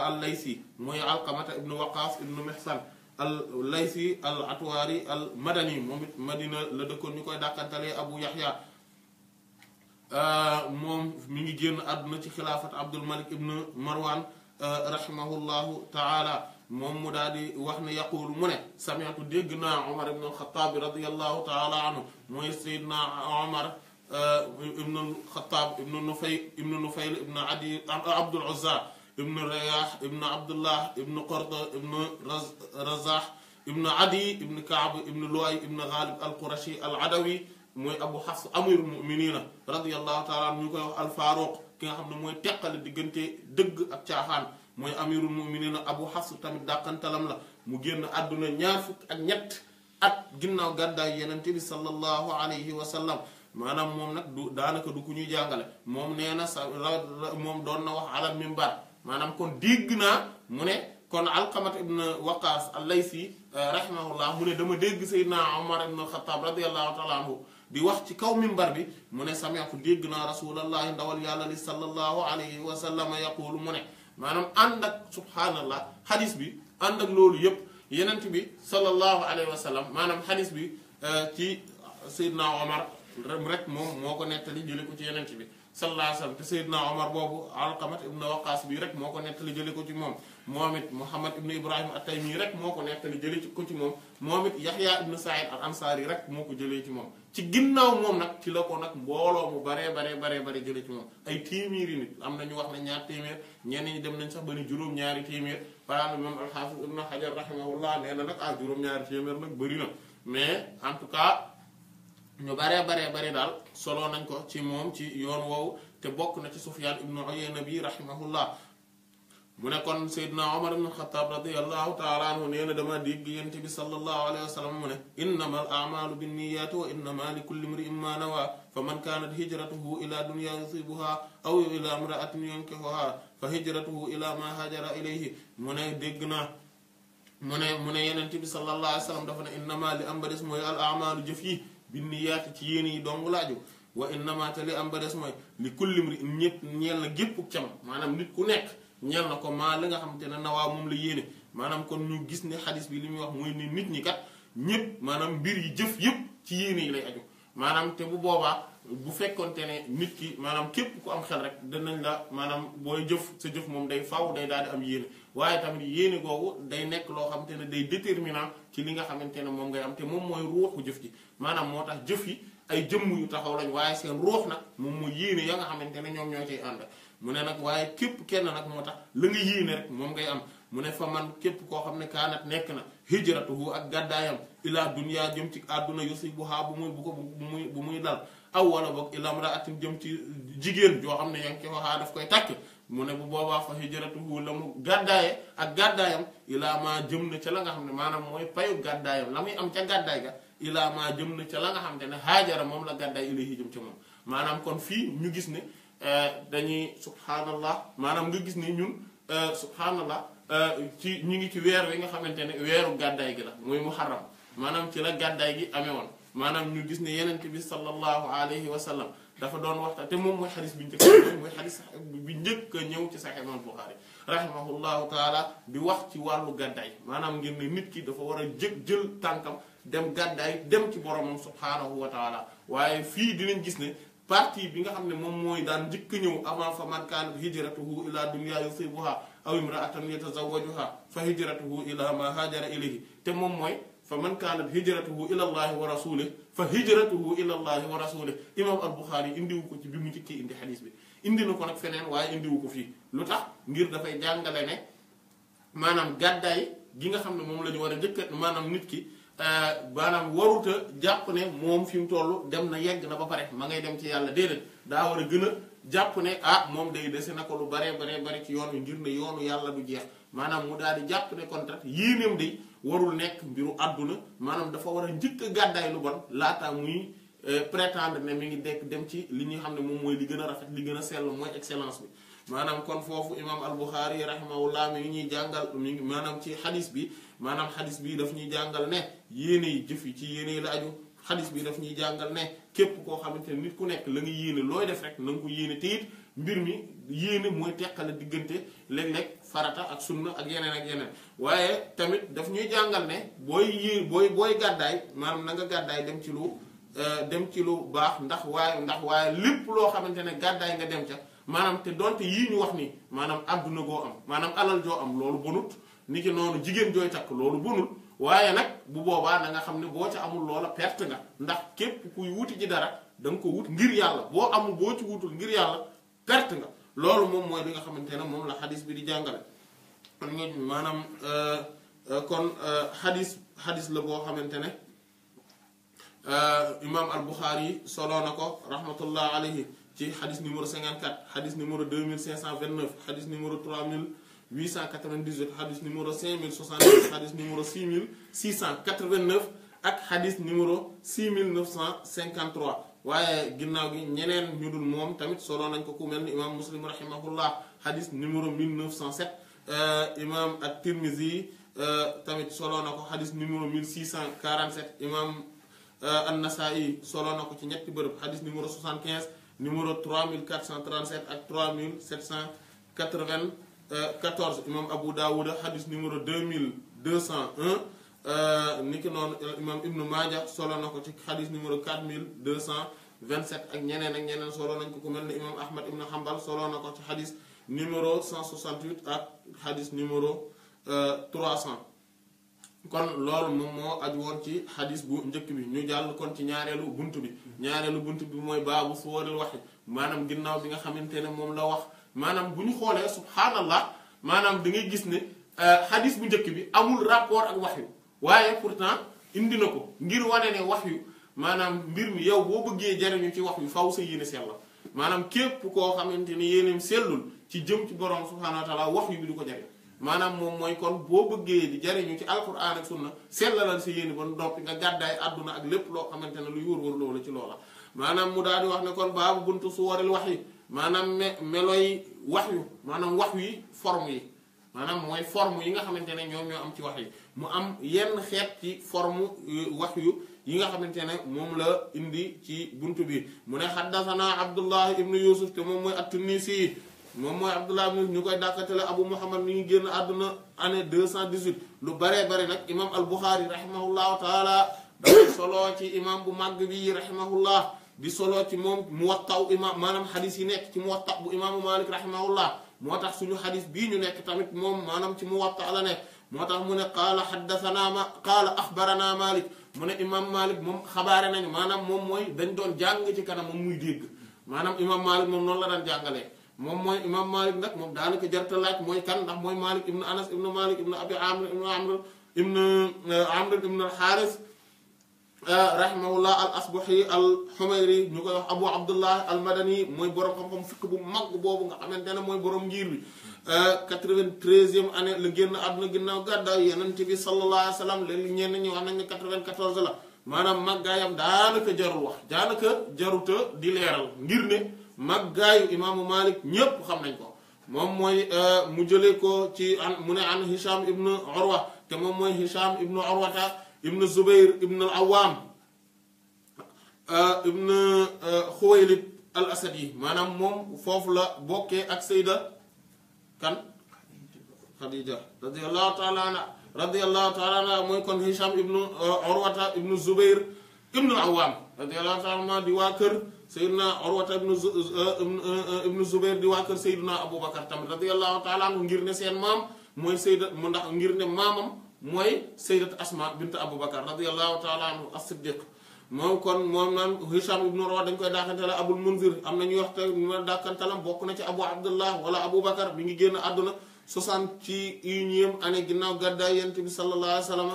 al laysi mooy alqamata ibnu waqaas ibnu mihsan al laysi al atwaari al madani moom it madina la dëkkoon ñu koy dàkkantalee abu yaxya moom mi ngi génn àdduna ci xilaafat abdul malik ibn marwan rahimahullahu taala moom mu daal di wax ne yaquulu mu ne samiatu dégg naa omar ibn alxataabi radiallahu taala anhu mooy sayidna omar ibn alxataab ibn nufay ibn nufayl ibn adi abdul uzza ابن رياح ابن عبد الله ابن قرطة ابن رزاح ابن عدي ابن كعب ابن لؤي ابن غالب القرشي العدوي موي abu حفص امير muminina رضي الله تعالى عنه koy wax alfaaruq ki nga موي ne ديغنتي دغ اك تياخان موي امير المؤمنين ابو muminina abu xafs لا مو ген mu نياار فك اك نيت اك غيناو at يننتي صلى الله عليه sallallahu manam mom nak maanaam du daanaka du ku jàngale mom neena mom sa na wax ala mimbar manam kon degna muné kon alqamat ibn waqas allaysi rahimahullah muné dama deg sayyidina umar ibn khattab radiyallahu taala anhu di wax ci kaw minbar bi muné ne samiatu dégg naa rasulallahi ndawal yàlla li sallallahu alayhi wa sallam yaqulu muné manam maanaam ànd ak subhaanallah xadis bi ànd ak loolu yépp yenent bi sallallahu alayhi wa sallam manam hadith bi ci sayyidina umar rek mom moko netali jule ko ci yenent bi sallallahu alayhi wa sallam te Seydina Omar boobu Alqamat ibnu Waqaas bii rek moo ko nettali jëlee ko ci moom moom it Muhammad ibnu Ibrahima at-Taymi rek moo ko nettali jëlee ko ci moom moom it Yaxya ibnu Saïd al-Ansaari rek moo ko jëlee ci moom. ci ginnaaw moom nag ci la ko nag mbooloo mu baree baree baree bare jële ci moom ay téeméeri nit am na ñu wax ne ñaar téeméer ñenn ñi dem nañ sax bari juróom-ñaari téeméer par exemple al-Hafiz ibnu Hajar rahimahullah nee na nag ah juróom-ñaari téeméer nag bëri na ñu bare bare bare dal solo nañ ko ci mom ci yoon woowu te bokk na ci sufyan ibn uyayna bi rahimahullah mu ne kon seydna umar ibn khattab radiyallahu taala anhu neena dama dégg yent bi sallallahu alayhi wasallam mu ne innama al amalu niyyati wa innama li kulli mriin ma nawa faman kanat hijratuhu ila dunya yusibuha aw ila imraatin yankihuha fa hijratuhu ila ma hajara ilayhi mu ne dégg na mu ne mu ne yenent bi sallallahu alayhi wasallam dafa ne innama li am ba al amalu jafi binni yaati ci yéene yi dong laaju wa innama te li am ba des mooy li kullim ri ñëpp ñeel na gépp cam maanaam nit ku nekk ñeel na ko maa la nga xam te ne nawaa moom la yéene maanaam kon ñu gis ne xadis bi li muy wax mooy ni nit ñi kat ñëpp maanaam mbir yi jëf yëpp ci yéene yi lay aju maanaam te bu boobaa bu fekkonte ne nit ki maanaam képp ku am xel rek danañ la maanaam booy jëf sa jëf moom day faw day daal di am yéene waaye tamit yéene googu day nekk loo xam te ne day déterminant ci li nga xamante ne moom ngay am te moom mooy ruuxu jëf ji maanaam moo tax jëf yi ay jëm yu taxaw lañ waaye seen ruux nag moom mooy yéene ya nga xamante ne ñoom ñoo ciy ànd mu ne nag waaye képp kenn nag moo tax la nga yéene moom ngay am mu ne fa man képp koo xam ne kaanat nekk na hijratuhu ak gàddaayam ilaa duniyaa jëm ci àdduna yusibuhaa bu muy bu ko bu muy muy dal aw wala boog ilaa imra'atin jëm ci jigéen joo xam ne yangi ko waxaa koy takk mu ne bu boobaa fa hijratuhu la mu gàddaaye ak gàddaayam ilaa maa jëm na ca la nga xam ne maanaam mooy payu gàddaayam la muy am ca gàddaay ga ilaa maa jëm na ca la nga xam te ne haajara moom la gàddaay ilayhi jëm ca moom maanaam kon fii ñu gis ne eh, dañuy subhaanallah maanaam nga gis ne ñun eh, subhaanallah eh, ci ñu ngi ci weer wi nga xamante ne weeru gàddaay gi la muy muharram maanaam ci la gàddaay gi amee woon maanaam ñu gis ne yenent bi sallallahu alayhi wa sallam dafa doon waxtaan te moom mooy xadis bi njëkk mooy xadis bi njëkk ñëw ci saxiix imaam Buxaari rahimahullahu taala bi wax ci walu gaday manam ngeen ne nit ki dafa wara a jëg jël tànkam dem gaday dem ci boromam subhanahu wa taala waaye fii dinañ gis ne parti bi nga xamne mom moy daan jek ñëw avant fa man kaanat hijratuhu ila dunya yusibuha aw imra'atan yatazawwajuha fa hijratuhu ila ma hajara ilayhi te mom moy fa man kaanat hijratuhu ila allahi wa rasulih fa hijratuhu ila allahi wa rasulih imam al buxaari indiwu ko ci bi mu njëkkee indi xadis bi indi na ko nag feneen waaye indiwu ko fii lu tax ngir dafay jàngale ne maanaam gàddaay gi nga xam ne moom lañu war a njëkkat maanaam nit ki euh, maanaam waruta jàpp ne moom fi mu toll dem na yegg na ba pare ma ngay dem ci yàlla déedéet daa war a gën a jàpp ne ah moom day dese na ko lu baree baree bari ci yoon wi ngir ne yoonu yàlla du jeex maanaam mu daal di jàpp warul nekk mbiru àdduna maanaam dafa war a njëkk a gàddaay lu bon laata muy euh, prétendre ne mi ngi nekk dem ci li ñuy xam ne moom mooy li gën a rafet li gën a sell mooy excellence bi maanaam kon foofu imam al-Bukhari rahimahullah mi ngi ñuy jàngal mi ngi maanaam ci xadis bi maanaam xadis bi daf ñuy jàngal ne yéene yi jëf yi ci yéene yi la aju xadis bi daf ñuy jàngal ne képp koo xamante ne nit ku nekk la nga yéene looy def rek na ko yéene te mbir mi yéene mooy teqale diggante léeg-léeg farata ak sunna ak yeneen ak yeneen waaye tamit daf ñuy jàngal ne booy yii booy booy gàddaay maanaam nanga nga gàddaay dem ci lu euh, dem ci lu baax ndax waaye ndax waaye lépp loo xamante ne gàddaay nga dem ca maanaam te donte yii ñu wax ni maanaam àdduna goo am maanaam alal joo am loolu bonut ni ki noonu jigéen jooy takk loolu bonul waaye nag bu boobaa na nga xam ne boo ci amul loola perte nga ndax képp kuy wuti ci dara da nga ko wut ngir yàlla boo amul boo ci wutul ngir yàlla perte nga loolu moom mooy li nga xamante ne moom la xadis bi di jàngale kon ñooñu maanaam euh, euh, kon euh, xadis xadis la boo xamante ne imaam al Buxaari soloo na ko rahmatullah alayhi ci xadis numéro 54 xadis numéro 2529 xadis numéro 3898 xadis numéro 5070 xadis numéro 6689 ak xadis numéro 6953. waaye ginnaaw gi ñeneen ñu dul moom tamit solo nañ ko ku mel ni imaam muslim rahimahullah hadith numéro 1907 imaam at-Tirmizi tamit solo na ko hadith numéro 1647 imaam an-Nasaa'i solo na ko ci ñetti bërëb hadith numéro 75 numéro 3437 ak 3794 imaam Abu Dawud hadith numéro 2201. Euh, niki noonu euh, imam ibnu maaja solo na ko ci mille xadis numéro 4227 ak ñeneen ak ñeneen solo nañ ko ku mel ne imam ahmad ibnu hambal solo na ko ci xadis numéro 168 ak xadis numéro 300 euh, kon loolu moom moo aj woon ci xadis bu njëkk bi ñu jàll kon ci ñaareelu bunt bi ñaareelu bunt bi mooy baabu sóoril waxi maanaam ginnaaw bi nga xamante ne moom la wax maanaam bu ñu xoolee subhaanallah maanaam da ngay gis ne xadis bu njëkk bi amul rapport ak wax waaye pourtant indi na ko ngir wane ne wax yu maanaam mbir mi yow boo bëggee jariñu ci wax yu faw sa yéene sell maanaam képp koo xamante ne yéeneem sellul ci jëm ci borom subhaanahu wa taala wax yu bi du ko jariñ maanaam moom mooy kon boo bëggee di jariñu ci alquran ak sunna sellalal sa yéene ba noppi nga gàddaay àdduna ak lépp loo xamante ne lu wóor-wóor loola ci loola maanaam mu daal di wax ne kon baabu buntu su waril wax yi maanaam me melo yi wax yu maanaam wax yi forme yi maanaam mooy forme yi nga xamante ne ñoom ñoo am ci wax yi mu am yenn xeet ci forme euh, wax yu yi nga xamante ne moom la indi ci buntu bi mu ne xaddasana abdullah ibnu yusuf te moom mooy at-Tunisi moom mooy abdullah ibnu ñu koy dàkkatale abu muhammad mi ngi génn àdduna année 218 lu bare bari nag imam al-Bukhari rahimahullahu taala dafay soloo ci imam bu màgg bi rahimahullah di soloo ci moom muwattaw imam maanaam xadis yi nekk ci mu muwatta bu imaamu malik rahimahullah moo tax suñu xadis bii ñu nekk tamit moom maanaam ci Muwatta la nekk moo tax mu ne qaala xaddasanaa ma qaala axbaranaa Malik mu ne imam Malik moom xabaare nañu maanaam moom mooy dañ doon jàng ci kanam moom muy dégg maanaam imam Malik moom noonu la daan jàngalee moom mooy imam Malik nag moom daanaka jarta laaj mooy kan ndax mooy Malik ibnu Anas ibnu Malik ibnu Abi Amr ibnu Amr ibnu Amr ibnu al-Xaaris Euh, rahimahullah al asbahi al humayri ñu koy wax abu abdullah al madani mooy borom xam-xam fikk bu mag boobu nga xamante ne mooy borom njiir bi 93e année la génn àdduna ginnaaw gàddaay yonent bi sallallahu alayhi wa sallam léegi ñenn ñi wax nañ ne 94 la maanaam màggaayam daanaka jarul wax daanaka jaruta di leeral ngir ne màggaayu imaamu malik ñépp xam nañ ko moom mooy euh, mu jële ko ci an mu ne an hisham ibnu urwa te moom mooy hisham ibnu urwata ابن الزبير ابن العوام ibn xuwaylid al asadi maanaam moom foofu la bokkee ak sayda kan xadija radiallahu taala anha radiallahu taala anha mooy kon hisham ibnu orwata ibnu zubair ibnu awaam radiallahu taala anhuma di waa kër sayidna orwata ibnu ibnu zubair di waa kër sayidna aboubacar tamit radiallahu taala anhu ngir ne seen maam mooy sayda mu ndax ngir ne maamam mooy sayyidat asma bint aboubacar radiallahu taala anhu as-siddiq moom kon moom naan hisham ibnu rawat dañ koy dàkkantala abul munzir am nañuy wax te ma dàkkantalam bokk na ci abu abdullah wala aboubacar bi ngi génn àdduna soixante ci unième année ginnaaw gàddaay yent bi sallallahu alayhi wa sallam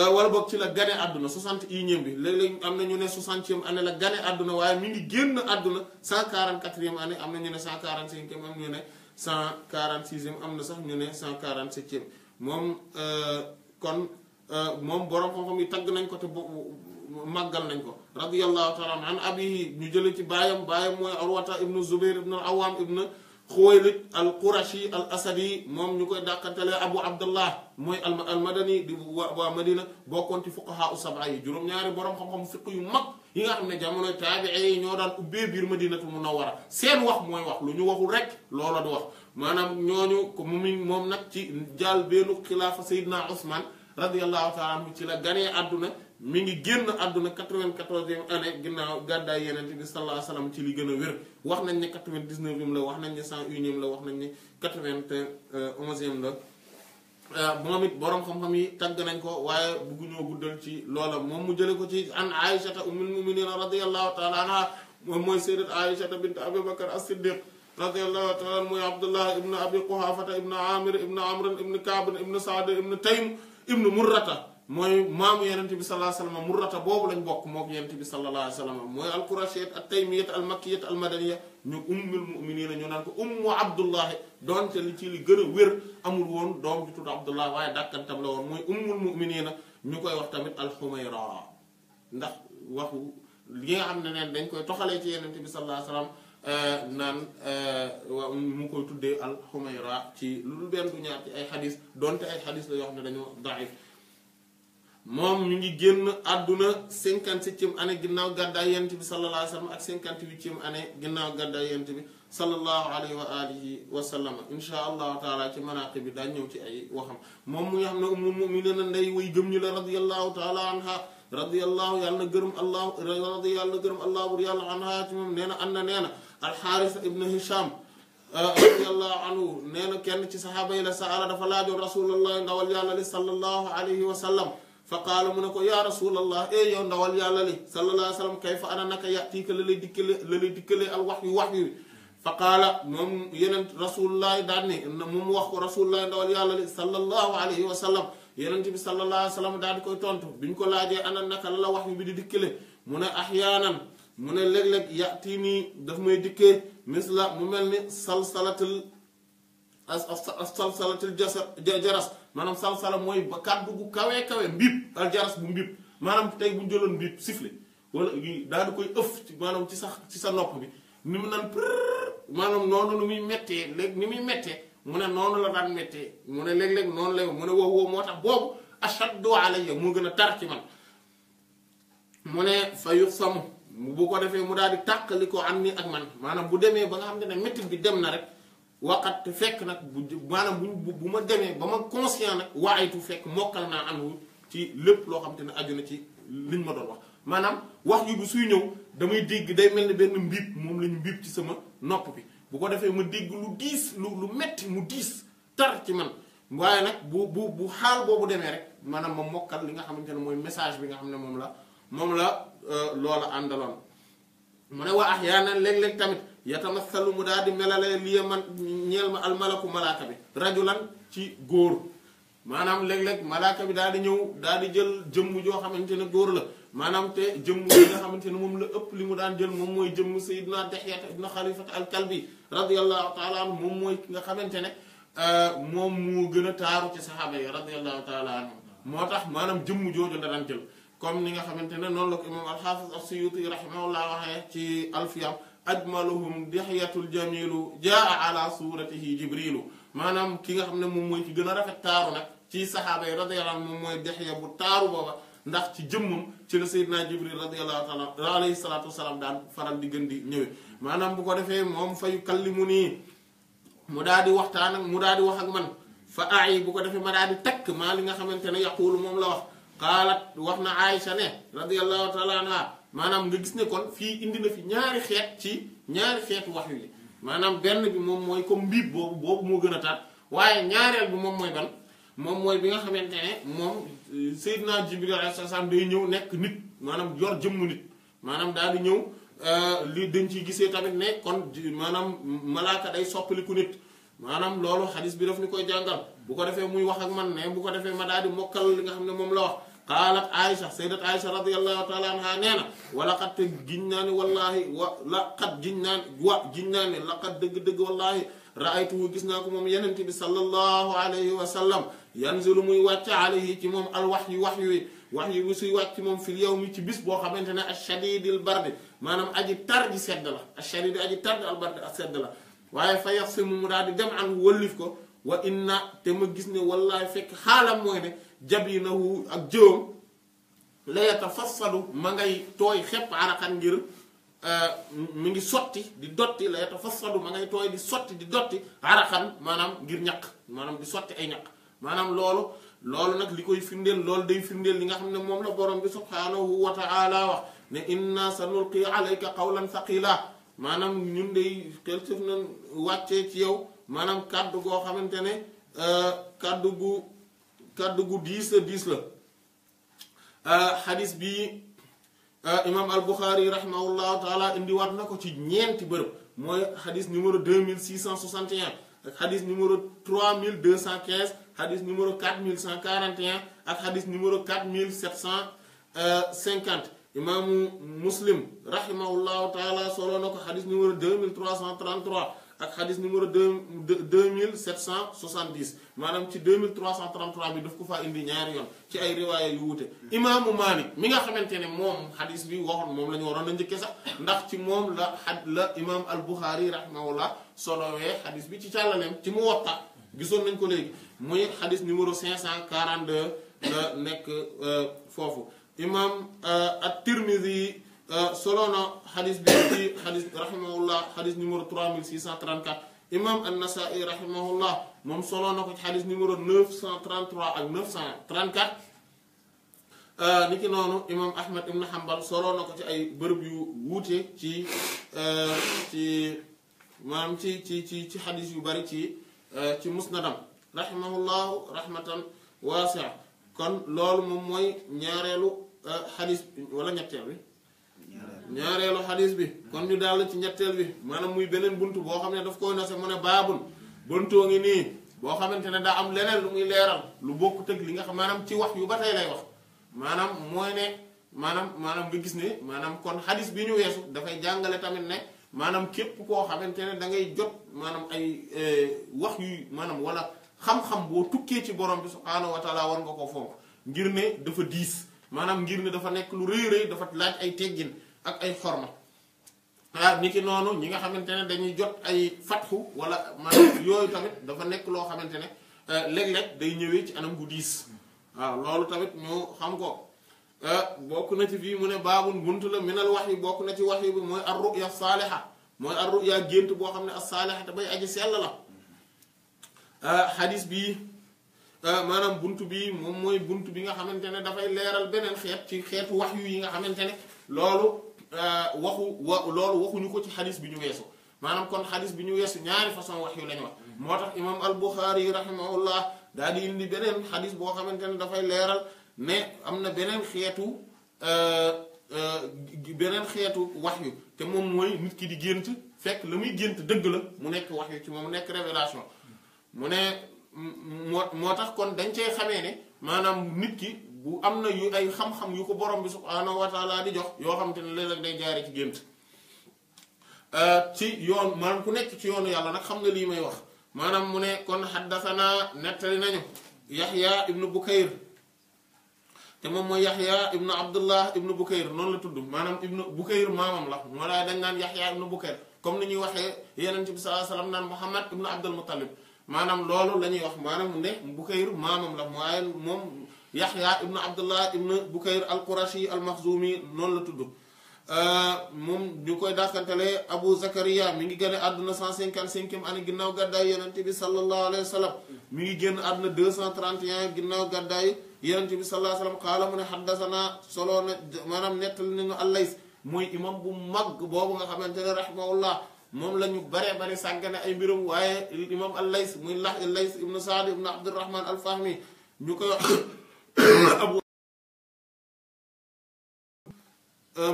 euh, wala boog ci la gane àdduna soixante unième bi léeg am na ñu ne soixantième année la gane àdduna waaye mi ngi génn àdduna cent quarante quatrième année am na ñu ne cent quarante cinquième am ñu na sax ñu ne cent quarante septième moom euh, kon euh, moom borom xam-xam yi tagg nañ ko te màggal nañ ko radiyallahu taala an abihi ñu jële ci baayam baayam mooy arwata ibnu zubair ibnu awam ibnu xuwaylid al qurashi al asadi moom ñu koy dàqantelee abu abdullah mooy al madani di waa madina bokkoon ci fuqaha u sabaa yi juróom-ñaari borom xam-xam fiq yu mag yi nga xam ne jamonoy taabii yi ñoo daan ubbee biir madinatu munawwara seen wax mooy wax lu ñu waxul rek loola du wax maanaam ñooñu ko mu moom nag ci jaal beenu xilaafa Seydina Ousmane radiyallahu taala anhu ci la ganee àdduna mi ngi génn àdduna 94e année ginnaaw gàddaay yeneen bi ci li gën a wér wax nañ ne 99e la wax nañ ne 101e la wax nañ ne 91e euh, la. Euh, moom it boroom xam-xam yi nañ ko waaye bugguñoo guddal ci loola moom mu jële ko ci an aïchata ummul muminina radiyallahu taala anha moom mooy sayyidat aïchata bint abubakar as رضي الله تعالى عنه عبد الله ابن أبي قحافة ابن عامر ابن عمرو ابن كعب ابن سعد ابن تيم ابن مرة موي مام يانتي بي صلى الله عليه وسلم مرته بوبو لا نبوك موك يانتي بي صلى الله عليه وسلم موي القرشيه التيميه المكيه المدنيه ني ام المؤمنين ني نانكو ام عبد الله دونت لي تي لي غنا وير امول وون دوم دي تود عبد الله واي داكان تام لا وون موي ام المؤمنين ني كوي واخ تاميت الحميره نده واخو ليغا خامن نين دنج كوي توخالي تي يانتي بي صلى الله عليه وسلم Euh, naan euh, waaw mu koy tuddee al xumayra ci lu dul benn du ñaar ci ay xadis donte ay xadis la yoo xam ne dañu daif moom ñu ngi génn àdduna cinquante septième année ginnaaw gàddaay yent bi sallallahu alayhi wa sallam ak cinquante huitième année ginnaaw gàddaay yent bi sallallahu alayhi wa alihi wa sallam insha allahu taala ci manaaqi bi daa ñëw ci ay waxam moom mu nga xam ne ummul mu'minin na ndey way gëm ñu la radiyallahu taala anha radiyallahu yàlla na gërëm allah radi yàlla na anha ci moom nee na an alxaaris ibn hisham radiallahu anhu nee na kenn ci saxaaba yi la saala dafa laajoon rasulallahi ndawal yàlla li sallallahu alayhi wa sallam fa qaala mu ne ko yaa rasulallah e yow ndawal yàlla li sallallahu alayhi wa sallam kay fa ana naka yatiika la lay dikkale la lay dikkale al wax yu wax yu fa qaala moom yeneen rasulullahi daan ne moom wax ko rasulullahi ndawal yàlla li sallallahu alayhi wa sallam yeneen bi sallallahu alayhi wa sallam daal di koy tontu bi ñu ko laajee ana naka la la wax yu bi di dikkale mu ne ahyaanan mu ne léeg-léeg yatii nii daf may dikkee misla mu mel ni salsalatil salsalatil jaras maanaam salsala mooy ba kàddu gu kawee kawe mbiib al jaras bu mbiib maanaam tey bu jëloon mbiib sifflet wala daal di koy ëf ci maanaam ci sax ci sa nopp bi ni mu naan maanaam noonu lu muy méttee léegi ni muy méttee mu ne noonu la daan méttee mu ne léeg-léeg noonu la mu ne wow wow moo tax boobu ashaddu alayya moo gën a tar ci man mu ne fa yusamu mu bu ko defee mu daal di tàqali ko am ni ak man maanaam bu demee ba nga xam ne métti bi dem na rek te fekk nag bu maanaam bu bu ma demee ba ma conscient nag waaytu fekk mokkal naa am ci lépp loo xam te ne aju na ci liñ ma doon wax. maanaam wax yu bu suy ñëw damay dégg day mel ni benn mbiib moom la ñu mbiib ci sama nopp bi bu ko defee ma dégg lu diis lu lu metti mu diis tar ci man waaye nag bu bu bu xaal boobu demee rek maanaam ma mokkal li nga xamante ne mooy message bi nga xam ne moom la moom la. Euh, loola àndaloon mu ne waa ahyaanan léeg-léeg tamit yatamassalu mu daal di melale liya man ñeel ma almalaku malaaka bi rajulan ci góor maanaam léeg-léeg malaaka bi daal di ñëw daal di jël jëmm joo xamante ne góor la maanaam te jëm yi nga xamante ne moom la ëpp li mu daan jël moom mooy jëmm sayidna Dexyata ibn Xalifata al Kalbi radiallahu taala anhu mooy ki nga xamante ne euh, moom moo gën a taaru ci saxaaba yi radiallahu taala moo tax maanaam jëmm jooju la daan jël comme ni nga xamante ne noonu la ko imam alxaafis as-suyuti rahimahullah waxee ci alfiyam ajmaluhum dihyatul jamilu jaa ala suratihi jibrilu maanaam ki nga xam ne moom mooy ci gën a rafet taaru nag ci saxaaba yi radiyallahu anhu moom mooy dihya bu taaru booba ndax ci jëmmam ci la sayyidina jibril radiyallahu taala alayhi salatu wasalaam daan faral di gën di ñëwee maanaam bu ko defee moom fa yukallimu nii mu daal di waxtaan ak mu daal di wax ak man fa aay bu ko defee ma daal di li nga xamante ne yaquulu moom la qaalat wax na Aïcha ne radiyallahu taala anha maanaam nga gis ne kon fii indi na fi ñaari xeet ci ñaari xeetu wax yu maanaam benn bi moom mooy comme mbiib boobu boobu moo gën a taat waaye ñaareel bi moom mooy ban moom mooy bi nga xamante ne moom euh, Seydina Jibril alayhi salaam day ñëw nekk nit maanaam yor jëmm nit maanaam daal di ñëw euh, li dañ ciy gisee tamit ne kon maanaam malaaka day soppaliku nit maanaam loolu xadis bi daf ñu koy jàngal bu ko defee muy wax ak man ne bu ko defee ma daal di mokkal li nga xam ne moom la wax قالت عائشة سيدت عائشة رضي الله تعالى عنها نينا نعم، ولقد جنان والله ولقد جنان وجنان لقد دق دق والله رأيته جسناكم من ينتي صلى الله عليه وسلم ينزل ميوات عليه تمام الوحي وحي وحي وسوي وقت مم في اليوم يتبس بو خبنتنا الشديد البرد ما نم أجي ترجي سدلا الشديد أجي ترجي البرد سدلا waye fa yaxsimu mu daal di dem ak wëlif ko wa inna te ma gis ne wallahi fekk xaalam mooy ne jabinahu ak jëwam la yatafassadu ma ngay tooy xepp araqan ngir euh, mu ngi sotti di dotti la yatafassadu ma ngay tooy di sotti di dotti araqan maanaam ngir ñaq maanaam di sotti ay ñaq maanaam loolu loolu nag li koy firndeel loolu day firndeel li nga xam ne moom la borom bi subhaanahu wa taala wax ne inna sa nulqi alayka qawlan thaqila maanaam ñun day xel sëf nan wàccee ci yow maanaam kàddu goo xamante ne euh, kàddu gu kàddu gu diis diis la euh, xadis bi euh, imam al buxaari rahimahullahu taala indiwaat na ko ci ñeenti bërëb mooy cent quinze xadis numéro 2661 mille xadis numéro 3215 xadis numéro 4141 mille xadis cent 4750 imaamu muslim rahimahullahu taala solo na ko xadis numéro 2333 ak xadis numéro deux deux mille sept cent soixante dix maanaam ci deux mille trois cent trente trois bi daf ko faa indi ñaari yoon ci ay riwaaya yu wuute. imaamu Maalik mi nga xamante ne moom xadis bi waxoon moom la ñu waroon a njëkkee sax ndax ci moom la xad la imaam al Buxaari rahimahullah solowee xadis bi ci càllaleem ci Muwatta gisoon nañ ko léegi muy xadis numéro cinq cent quarante deux la nekk euh, foofu imaam euh, at Eh, solo na hadis bi hadis xadis rahimahullah xadis numéro 3634 imam an-Nasa'i rahimahullah moom solo na ko ci xadis numéro 933 ak 934 niki noonu imam Ahmad ibn Hanbal solo na ko ci ay bërëb yu chi ci ci chi ci ci ci ci xadis yu bari ci eh, ci musnadam rahimahullahu rahmatan waasia kon loolu moom mooy ñaareelu eh, hadis wala ñetteel ñaareelu xadis bi kon ñu daal ci ñetteel bi maanaam muy beneen bunt boo xam ne daf koy nose mu ne baabul buntoo ngi nii boo xamante ne daa am leneen lu muy leeral lu bokk tëg li nga xam maanaam ci wax yu ba tey lay wax maanaam mooy maanaam maanaam nga gis ne maanaam kon xadis bi ñu weesu dafay jàngale tamit ne maanaam képp koo xamante ne da jot maanaam ay eh, wax yu maanaam wala xam-xam boo tukkee ci borom bi su wa taala war nga ko fonk ngir ne dafa diis maanaam ngir ne dafa nekk lu rëy rëy dafa laaj ay teggin ak ay xorma ah niki noonu ñi nga xamante ne dañuy jot ay fatxu wala maanaam yooyu tamit dafa nekk loo xamante ne euh, léeg-léeg day ñëwee ci anam gu diis waaw ah, loolu tamit ñu xam ko euh, bokk na ci fii mu ne baabul bunt la minal wax yi bokk na ci wax yi bi mooy ar ruya saaliha mooy ar ruya gént boo xam ne as saaliha te bay aji sell la xadis euh, bii maanaam bunt bi moom mooy bunt bi nga xamante ne dafay leeral beneen xeet ci xeetu wax yu yi nga xamante ne loolu waxu lolu waxu ñuko ci hadith bi ñu weesu manam kon hadith bi ñu weesu ñaari façon wax yu lañ wax motax imam al bukhari rahimahullah daal di indi beneen xadis boo xamante ne dafay leeral ne benen na euh euh benen xeetu wax yu te mom moy nit ki di gént fekk lamuy gént deug la mu nekk wax yu ci mom nekk révélation mu ne motax kon dañ cey xamé ne manam nit ki bu am na yu ay xam-xam yu ko borom bi subhaanahu wa laa di jox yoo xam te ne léeg-léeg day jaare ci gént euh, ci yoon maanaam ku nekk ci yoonu yàlla nag xam nga lii may wax maanaam mu ne kon xaddasanaa nettali nañu yaxya ibnu bukayr te moom mooy yaxya ibnu abdullah ibnu bukayr noonu la tudd maanaam ibnu bukayr maamam la moo laa dañ naan yaxya ibnu bukayr comme ni ñuy waxee yeneen ci bi sallallahu alayhi wasallam naan muhammad ibnu abdul muttalib maanaam loolu la ñuy wax maanaam mu ne bukayr maamam la moom yaxya ibnu abdullah ibnu bukayr al qurashi al maxzumi noonu la tudd euh, moom ñu koy dàkkantale abu zakaria mi ngi gën àdduna 155e année ginnaaw gàddaay yonent bi sallallahu alayhi wa sallam mi ngi génn àdduna 231 ginnaaw gàddaay yonent bi sallallahu alayhi wa sallam qaala mu ne xaddasana soloo na maanaam nettali nañu allays mooy imam bu mag boobu nga xamante ne rahimahullah moom la ñu baree bari sàggane ay mbirum waaye imam allays muy lax allays ibnu saad ibnu abdurahman al ñu koy abu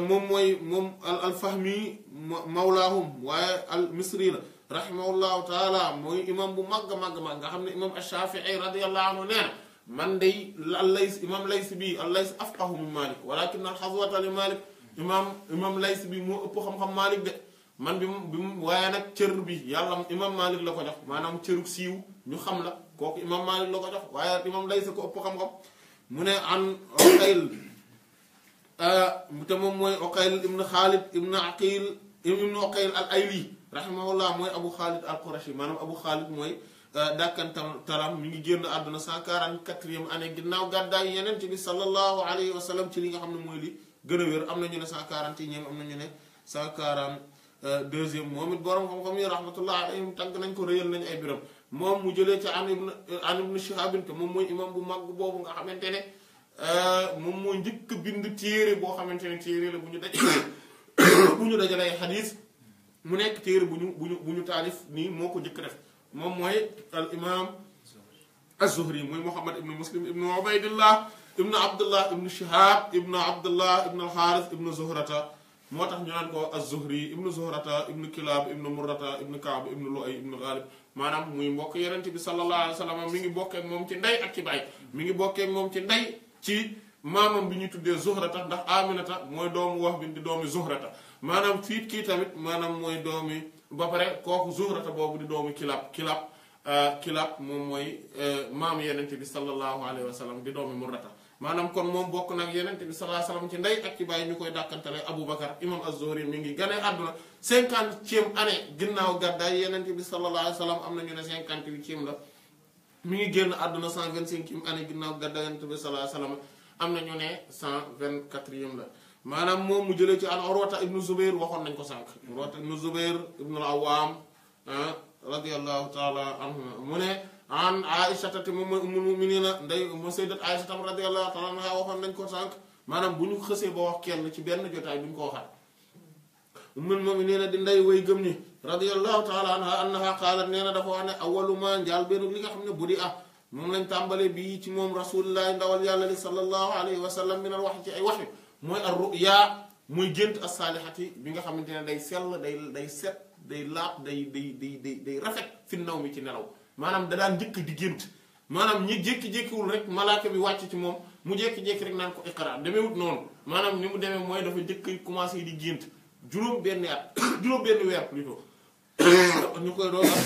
moom mooy moom al alfahmi mawlaahum waaye al misri la rahimahullahu taala mooy imam bu màgg màgg màgg nga xam ne imam ashafii radiallahu anhu nee na man day al lays imam lays bi al lays afqahu min malik walakin al xaswata li malik imam imam lays bi moo ëpp xam-xam malik de man bi mu bi mu waaye nag cër bi yàlla imam malik la ko jox maanaam cëru siiw ñu xam la kooku imam malik la ko jox waaye nag imam lays ko ëpp xam-xam mu ne an Uqayl te moom mooy Uqayl ibn Xaalid ibn Aqil ibn Uqayl al Ayli rahimahullah mooy Abu Xaalid al Qurashi maanaam Abu Xaalid mooy dàkkantam talam mi ngi génn àdduna cent quarante-quatrième année ginnaaw gàddaay yeneen ci bi sallallahu alayhi wa sallam ci li nga xam ne mooy li gën a wér am na ñu ne cent quarante ñeem am na ñu ne cent quarante deuxième moom it borom xam-xam yi rahmatullah alayhim tàgg nañ ko rëyal nañ ay biram moom mu jëlee ca an ibn an ibn shihabin moom mooy imam bu mag boobu xamante ne euh, moom mooy njëkk bind téere boo xamante ne téere la bu ñu daj bu ñu dajalee xadis mu nekk téere bu bu ñu ñu taalif nii moo ko njëkk def moom mooy al imam az-zuhri mooy muhammad ibnu muslim ibnu ubaydillah ibnu abdullah ibnu shihab ibnu abdullah ibnu alxaaris ibnu zuhrata moo tax ñu naan ko az-Zuhri ibnu Zuhrata ibnu Kilaab ibnu Murrata ibnu Kaab ibnu Lu'ay ibnu Ghalib maanaam muy mbokk yonent bi sallallahu alayhi wa sallam mi ngi bokkee moom ci ndey ak ci baay mi ngi bokkee moom ci ndey ci maamam bi ñu tuddee Zuhrata ndax Aminata mooy doomu wax bi di doomi Zuhrata maanaam fii kii tamit maanaam mooy doomi ba pare kooku Zuhrata boobu di doomi Kilaab Kilaab euh, Kilaab moom mooy euh, maam ti bi sallallahu alayhi wa sallam di doomi Murrata maanaam kon moom bokk nag yenente bi sallallahu alayhi wasallam ci ndey ak ci bàyyi ñu koy dàkkantale Abu Bakar imam Az-Zuhri mi ngi gane àdduna cinquantième année ginnaaw gàddaay yenente bi sallallahu alayhi wasallam am nañu ne cinquante-huitième la mi ngi génn àdduna cent vingt année ginnaaw gàddaay yenente bi sallallahu alayhi wasallam am na ñu ne cent vingt-quatrième la maanaam moom mu jëlee ci an Urwata ibnu Zubair waxoon nañ ko sànq Urwata ibnu Zubair ibnu al-Awwam ah, radiyallahu taala anhu mu ne an aïshata te moom mooy ummul muminina nday moo sayyidat aïsha tam radiyallahu taala anha waxoon nañ ko sànq maanaam bu ñu xësee ba wax kenn ci benn jotaay bu ñu ko waxaat ummul muminina di nday way gëm ñi radiyallahu taala anha annaha qaalat nee na dafa wax ne awaluma njaal benn li nga xam ne bu di ah moom lañ tàmbale bii ci moom rasulillahi ndawal yàlla li sallallahu alayhi wa sallam minal wax ci ay wax mooy ar ruya muy gént as-saalihati bi nga xamante ne day sell day day set day laax day day day day rafet findaw naw mi ci nelaw maanaam da daan njëkk di gént maanaam ñi jékki-jékkiwul rek malaaka bi wàcc ci moom mu jékki-jékki rek naan ko iqra demeewut noonu maanaam ni mu demee mooy dafa njëkk commencé di gént juróom benn at juróom benn weer plutôt ñu koy dooga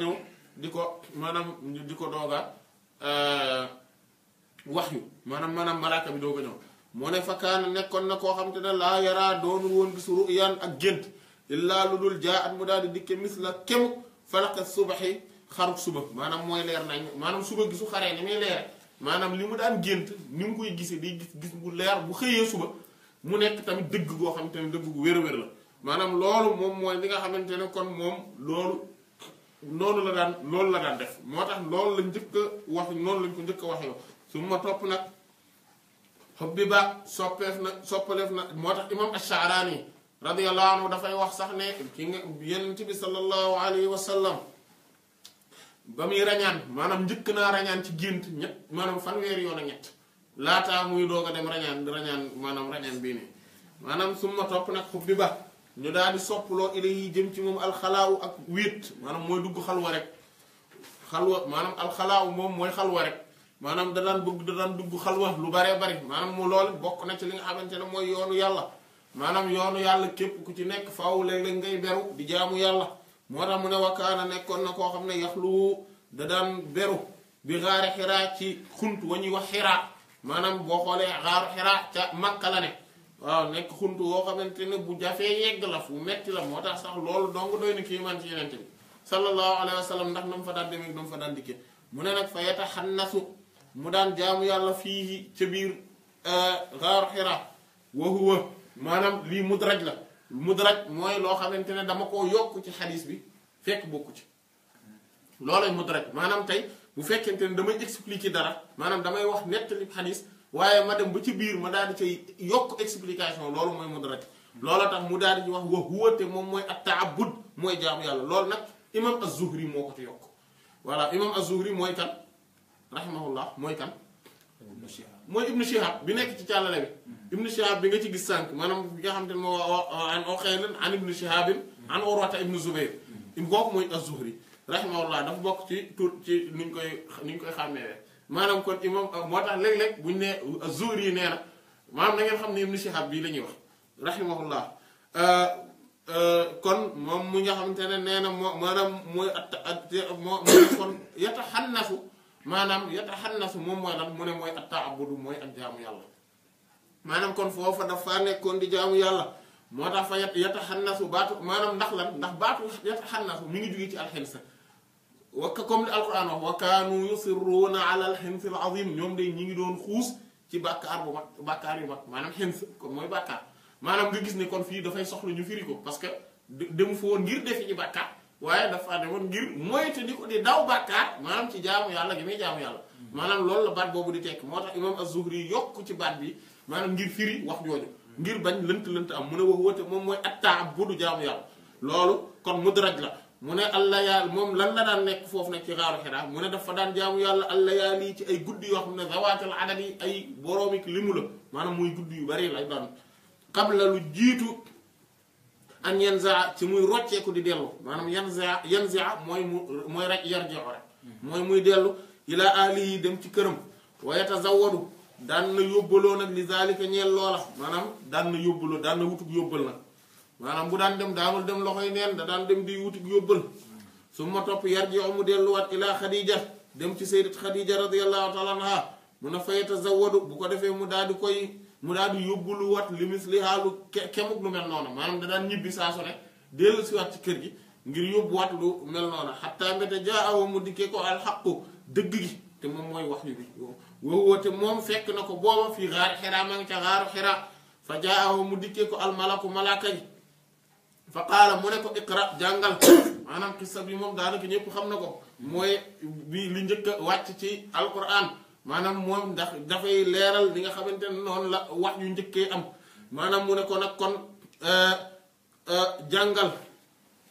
ñëw di ko maanaam di ko dooga euh, wax yu maanaam maanaam malaaka bi dooga ñëw mu ne fakkaana nekkoon na koo xam te ne laa yaraa doonul woon gis ru'yan ak gént illaa lu dul jaa at mu daal di dikke mis kemu falaq subaxi xaruk suba maanaam mooy leer nañ maanaam suba gi su xaree ni muy leere maanaam li mu daan gént ni mu koy gisee day gis gis bu leer bu xëyee suba mu nekk tamit dëgg goo xam te ne dëgg gu wér-wér la maanaam loolu moom mooy li nga xamante ne kon moom loolu noonu la daan loolu la daan def moo tax loolu la njëkk a wax noonu lañ ko njëkk a wax yow su ma topp nag xob bi ba soppeef na soppaleef na moo tax imam Asharaani radiyallahu anhu dafay wax sax ne ki nga yonent bi sallallahu alayhi wa sallam ba muy rañaan maanaam njëkk naa rañaan ci gént ñett maanaam fanweeri yoon a ñett laataa muy doog a dem rañaan rañaan maanaam rañaan bii nii maanaam summa topp nag xub bi ba ñu daal di soppaloo ilay jëm ci moom alxalaawu ak wéet maanaam mooy dugg xalwa rek xalwa maanaam alxalaawu moom mooy xalwa rek maanaam da daan bëgg da daan dugg xalwa lu baree bari maanaam mu lool bokk na ci li nga xamante ne mooy yoonu yàlla maanaam yoonu yàlla képp ku ci nekk faaw léeg-léeg ngay beru di jaamu yàlla moo tax mu ne wakkaana nekkoon na koo xam ne yaxlu da daan beru bi xaari xiraa ci xunt wa ñuy wax xiraa maanaam boo xoolee xaaru xiraa ca Makka la ne waaw nekk xunt woo xamante ne bu jafee yegg la fu metti la moo tax sax loolu dong doy na kiimaan ci yenente bi sallallahu alayhi wa sallam ndax na mu fa daan demee na mu fa daan dikkee mu ne nag fa yeta xannasu mu daan jaamu yàlla fii ca biir euh, maanaam lii mudraj la mudraj mooy loo xamante ne dama koo yokk ci xadis bi fekk bokku ci loolay mudraj maanaam tey bu fekkente ne damay expliquer dara maanaam damay wax nettali xadis waaye ma dem ba ci biir ma daal di cay yokk explication loolu mooy mudraj loola tax mu daal di wax wa huwa te moom mooy at taabud mooy jaamu yàlla lool nag imam az moo ko ci yokk voilà imam az-Zuhri mooy kan rahimahullah mooy kan moy ibnu shihab bi nek ci tialale bi ibnu shihab bi nga ci gis sank manam bi nga xam mo ne moo an oqaylan an ibnu shihab an urwata ibnu zubayr im kooku moy az-zuhri rahimahullah dafa bok ci ci niñ koy niñ koy xamé manam kon imam motax leg leg buñ az-zuhri yi nee na maanaam na ngeen xamné ibnu shihab bii la ñuy wax rahimahullah kon mom mu nga xamantene ne nee na moo maanaam mooy at mo kon yata manam yatahannasu mom moy lan mune moy mooy moy ak jaamu yàlla manam kon foofa dafa nekkon di jaamu yàlla motax fa yatahannasu batu manam ndax lan ndax batu yatahannasu mi ngi jugee ci alxinsa wa ka kom alquran wax wa kanu yusirruna ala alxinsi al azim ñoom day ñi ngi doon xuus ci bakkar bu mag bàkkaar yu mak manam hins kon moy bakkar manam nga gis ni kon fi da fay soxlu ñu firi ko parce que dem fo ngir def ci bakkar waaye dafa ne woon ngir moytandiku di daw bàkkaar maanaam ci jaamu yàlla gi muy jaamu yàlla maanaam loolu la baat boobu di tekk moo tax imam az-Zuhri yokk ci baat bi maanaam ngir firi wax jooju ngir bañ lënt lënt am mu ne wax woote moom mooy attaab bu du jaamu yàlla loolu kon mudraj la mu ne allah yàlla moom lan la daan nekk foofu nag ci xaaru Hiraa mu ne dafa daan jaamu yàlla allah yàlla yi ci ay guddi yoo xam ne zawaatal adad yi ay boroomi limu la maanaam muy guddi yu bari lay an yanza ci muy rocceeku di dellu maanaam yan yanza yan mu mooy rek yar joxo rek mooy muy dellu ila ali yi dem ci këram wa yatazawwadu daan na yóbbaloo nag li zalika ñeel loola maanaam daan na yóbbaloo daan na wutug yóbbal nag maanaam bu daan dem daanul dem loxoy neen da daan dem di wutug yóbbal su ma topp yar mu delluwaat ila xadija dem ci sayyidat xadija radiyallahu taala anha mun a fa yatazawwadu bu ko defee mu daal di koy mu daal di yóbbu lu wat li mis li xaalu kemuk lu mel noonu maanaam da daan ñibbi saa su dellu si wat ci kër gi ngir yóbbu wat lu mel noonu xataa mbete jaa awa mu dikkee ko alxaqu dëgg gi te moom mooy wax yu bi wowoo te moom fekk na ko booba fii xaar xeraa ma ngi ca xaaru xeraa fa jaa awa mu dikkee ko almalaku malaaka yi fa qaala mu ne ko iqra jàngal maanaam xissa bi moom daanaka xam na ko mooy bi li njëkk wàcc ci alquran maanaam moom ndax dafay leeral li nga xamante ne noonu la wax yu njëkkee am maanaam mu ne ko nag kon euh, euh, jàngal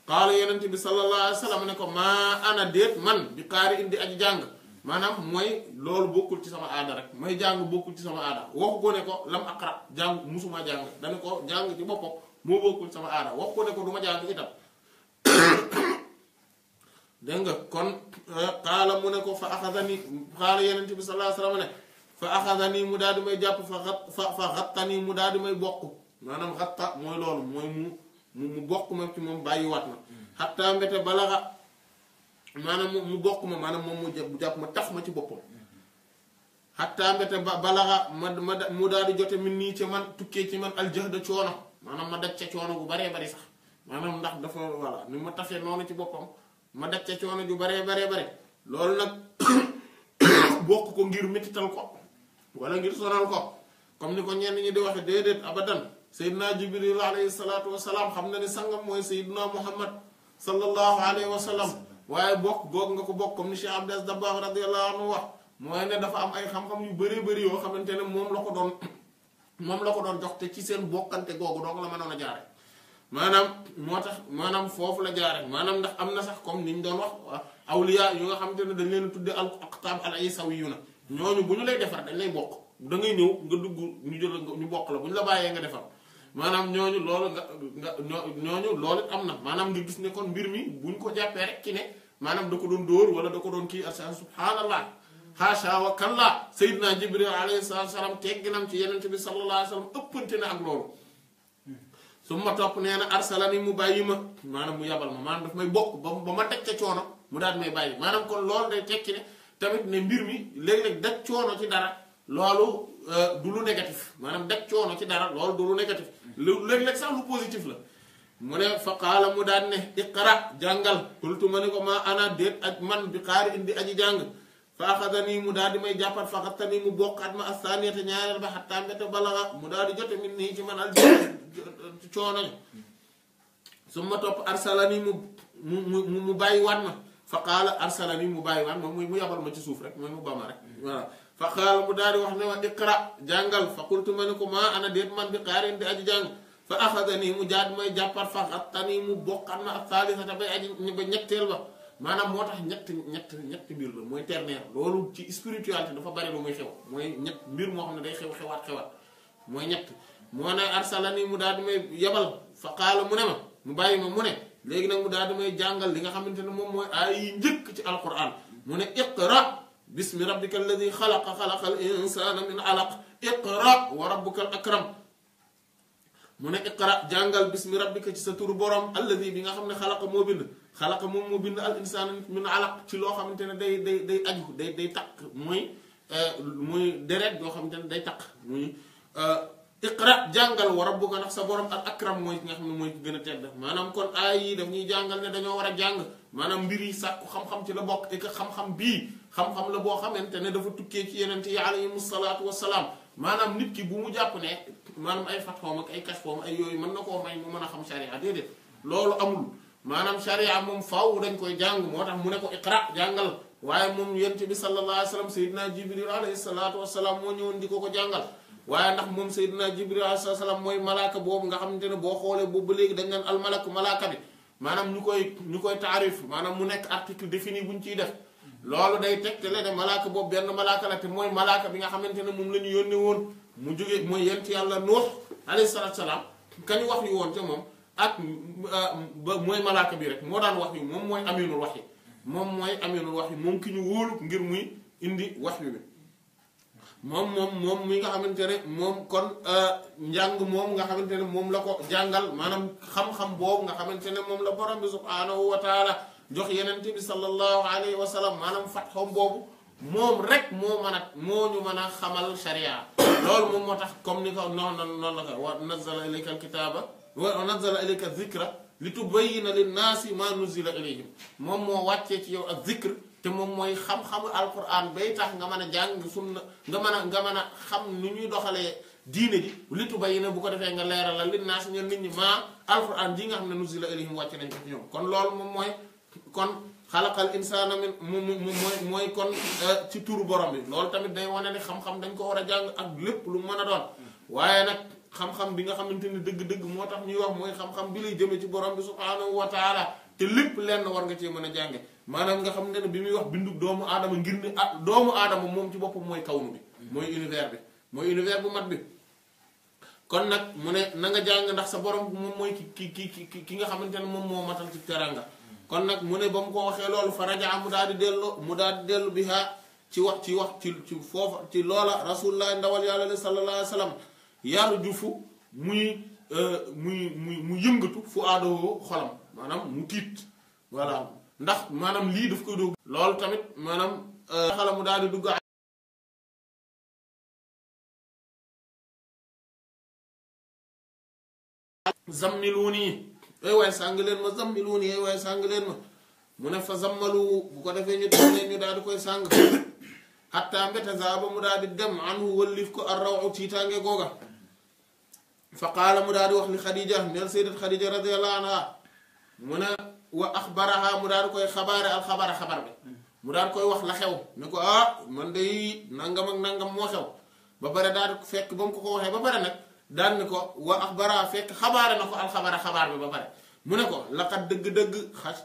xaala yonent bi sallallahu alayhi wa sallam ne ko maa ana déet man bi indi aji jàng maanaam mooy loolu bokkul ci sama aada rek jàng bokkul ci sama aada waxu ko ne ko lam aqra jàng musuma jàng dana ko jàng ci boppam moo bokkul sama aada waxu ko ne ko du ma jàng itam dégg nga kon xaala euh, mu ne ko fa axadani xaala yeneen bi sallallahu alayhi wa sallam ne fa axadani mu daal di may jàpp fa fa fa xattani mu daal di may bokk maanaam xatta mooy loolu mooy mu mu ma ci moom bàyyiwaat mu bokk maanaam moom mu jàpp ma tax ma ci boppam xatta mbete balaxa ma ma mu daal di jote min nii ci man tukkee ci man aljahda coono manaam ma daj ca coono bu baree bari sax maanaam ndax dafa voilà ni ma tafee noonu ci boppam ma daj ca coono ju baree baree bare loolu nag bokk ko ngir métital ko wala ngir sonal ko comme ni ko ñenn ñi di waxe déedéet abadan sayyidina jibril alayhi salaatu wasalaam xam ne ni sangam mooy sayyidina muhammad sallallahu alayhi wa sallam waaye bokk goog nga ko bokk comme ni cheikh abdas dabbaax radiallahu anhu wax mooy ne dafa am ay xam-xam yu bëree bëri yoo xamante ne moom la ko doon moom la ko doon jox te ci seen bokkante googu doog la mënoon a jaare maanaam moo tax maanaam foofu la jaare maanaam ndax am na sax comme ni ñu doon wax awliya yu nga xamante ne dañ leen a tudde al aqtaab al aysawiyuna ñooñu bu ñu lay defar dañ lay bokk da ngay ñëw nga dugg ñu jël ñu bokk la bu ñu la bàyyee nga defar maanaam ñooñu loolu nga nga ñooñu loolu am na maanaam nga gis ne kon mbir mi buñ ko jàppee rek ci ne maanaam da ko doon dóor wala da ko doon kii asa subhaanallah haasha wa kalla sayyidina jibril alayhi salaam tegginam ci yenente bi sallallahu alayhi wa sallam ëppante na ak loolu su ma topp nee na arsalani mu bàyyi ma maanaam mu yabal ma maanaam daf may bokk ba ba ma teg ca coono mu daan may bàyyi maanaam kon loolu day tekki ne tamit ne mbir mi léeg-léeg daj coono ci dara loolu euh, du lu négatif maanaam daj coono ci dara loolu du lu négatif lu léeg-léeg sax lu positif la mu ne fa qaala mu daan ne iqra jàngal qultu ma ni ko ma ana déet ak man bi xaari indi aji jàng faaxadani mu daal di may jàppat faxattani mu bokkaat ma assaaniya te ñaareel ba hatta mbete balaga mu daal di min ni ci man al coono summa top arsalani mu mu mu bàyyi waat ma fa qala arsalani mu bàyyi waat ma muy mu yabal ma ci suuf rek mooy mu bama rek voilà fa qaala mu daal di wax ne wa iqra jangal fa qultu man ko ana déet man bi qarin di aji jang fa akhadani mu jaat may jàppat faxattani mu bokkaat ma ak saalisata bay aji ba ñetteel ba manam motax ñet ñet ñet mbir la moy ternaire lolu ci spiritualité dafa bari lu muy xew moy ñet mbir mo xamne day xew xewat xewat moy ñet mo na arsalani mu daal may yabal fa qala mu ne ma mu bayyi ma mu ne léegi nag mu daal may jangal li nga xamantene mom moy ay yi ci alquran mu ne iqra bismi rabbika ladhi xalaqa xalaqa al insana min alaq iqra wa rabbukal akram mu ne iqra jangal bismi rabbika ci sa tur borom alladhi bi nga xamne mo bind xalaqa moom moo bind al insaan min alaq ci loo xamante ne day day day aju day day takk mooy euh, mooy deret yoo xam ne day takk muy euh, iqra jàngal wa rabbuka ndax sa borom ak akram mooy ki nga xam ne mooy ki gën a tedd kon aay yi daf jàngal ne dañoo war a jàng maanaam mbir yi sàkku xam ci la bokk et que xam bii xam-xam la boo xamante ne dafa tukkee ci yeneen yi alayhimu salaatu wa salaam maanaam nit ki bu mu jàpp ne maanaam ay fatxoom ak ay kashfoom ay yooyu mën na koo may mu mën a xam sharia déedéet loolu amul. maanaam sharia moom faw dañ koy jàng moo tax mu ne ko iqra jàngal waaye moom yonent bi sallallahu alayhi wa sallam sayyidina jibril alayhi salaatu wasalaam moo ñëwoon di ko ko jàngal waaye ndax moom sayyidina jibril alayhi salaam mooy malaaka boobu nga xamante ne boo xoolee boobu ba léegi dañ naan almalaku malaaka bi maanaam ñu koy ñu koy taarif maanaam mu nekk article défini bu ñu ciy def loolu day tegtale ne malaaka boobu benn malaaka mooy malaaka bi nga xamante ne moom la ñu yónnee woon mu jógee mooy yent yàlla nuux alayhi salaatu salaam kañu wax ñu woon te moom ak moy malaka bi rek mo dan wax ni mom moy aminul wahyi mom moy aminul wahyi mom ki ñu wolu ngir muy indi wax yu bi mom mom moom mi nga xamantene mom kon njàng mom nga xamantene mom la ko jàngal manam xam-xam bob nga xamantene mom la borom bi subhaanahu wa taala jox yeneen bi sallallahu alayhi wa sallam manam fatxom bob mom rek mo mana mo ñu mana xamal sharia lol mom motax comme ni ko non non la ko wa nazzala ilayka alkitaaba wa nazzala ilayka zikra li tubayyina linnaasi maa nuzzila ilayhim moom moo wàccee ci yow ak zikr te moom mooy xam-xamu alquran bay tax nga mën a jàng sunna nga mën a nga mën a xam ni ñuy doxalee diine ji li tubayyina bu ko defee nga leeralal linnaasi ñeen nit ñi maa alquran ji nga xam ne nuzzila ilayhim wàcce nañ ko ci ñoom kon loolu moom mooy kon xalaqal insaana min mu mooy mooy kon euh, ci turu borom bi loolu tamit day wane ne xam-xam dañ ko war a jàng ak lépp lu mën a doon waaye nag xam-xam bi nga xamante ni dëgg-dëgg moo tax ñuy wax mooy xam-xam bi lay jëme ci borom bi subhaanahu wa taala te lépp lenn war nga cee mën a jànge maanaam nga xam ne ne bi muy wax bindu doomu aadama ngir ne at ah doomu aadama moom ci boppam mooy kawnu bi mooy univers bi mooy univers bu mat bi kon nag mu ne na nga jàng ndax sa borom moom mooy ki ki ki ki nga xamante ne moom moo matal ci teranga kon nag mu ne ba mu ko waxee loolu fa rajaa mu daal di dellu mu daal di dellu bi ha ci wax ci wax ci ci foofa ci loola rasulullah ndawal yàlla sallallahu alayhi wa sallam yarjufu euh, muy muy muy mu yëngatu fu aadoo xolam maanaam mu tiit voilà ndax maanaam lii du koy dóog lool tamit maanaam euh, xala mu daal di dugg zammiluuni ay waay sàng leen ma zammiluuni ay waay sàng leen ma mu ne fa zammalu bu ko defee ñu def koy sàng xattaa mbete za ba mu daal di dem anhu wëllif ko ar rawu tiitaange googa فقال مراد وخني خديجه نال سيدت خديجه رضي الله عنها من واخبرها مراد كوي خبار الخبر خبر بي مراد كوي واخ لا خيو نكو اه من داي نانغام اك نانغام مو خيو با بارا دار فك بام كوكو وخه با بارا نك دان نكو واخبرها فك خبار نكو الخبر خبر بي با بارا منكو لقد دغ دغ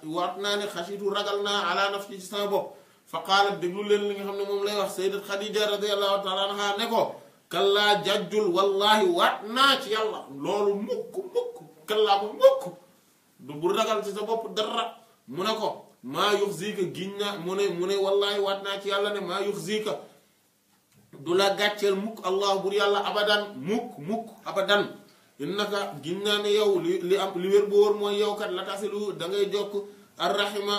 واتناني خشيت رجلنا على نفسي سابو فقالت دغلو لين ليغا خامني موم لاي واخ سيدت خديجه رضي الله تعالى عنها نكو kallaa jàjjul wallaahi waat naa ci yàlla loolu mukk mukk kallaa bu mukk du bu ragal ci sa bopp dara mu ne ko maa yux ziika giñ naa mu ne mu ne wallaahi waat naa ci yàlla ne maa yux ziika du la gàcceel mukk allah bur yàlla abadan mukk mukk abadan innaka giñ naa ne yow li li am li wér bu wóor mooy yow kat la tasilu da ngay jokk arrahima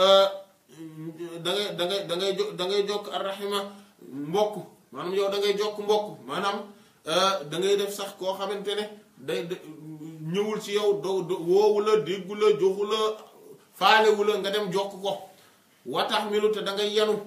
euh, da ngay da ngay da ngay da ngay jokk mbokk maanaam yow da ngay jokk mbokk maanaam euh, da def sax koo xamante ne day ñëwul ci yow doo doo woowu la déggu la joxu la faalewu la nga dem jokk ko watax milu te da ngay yanu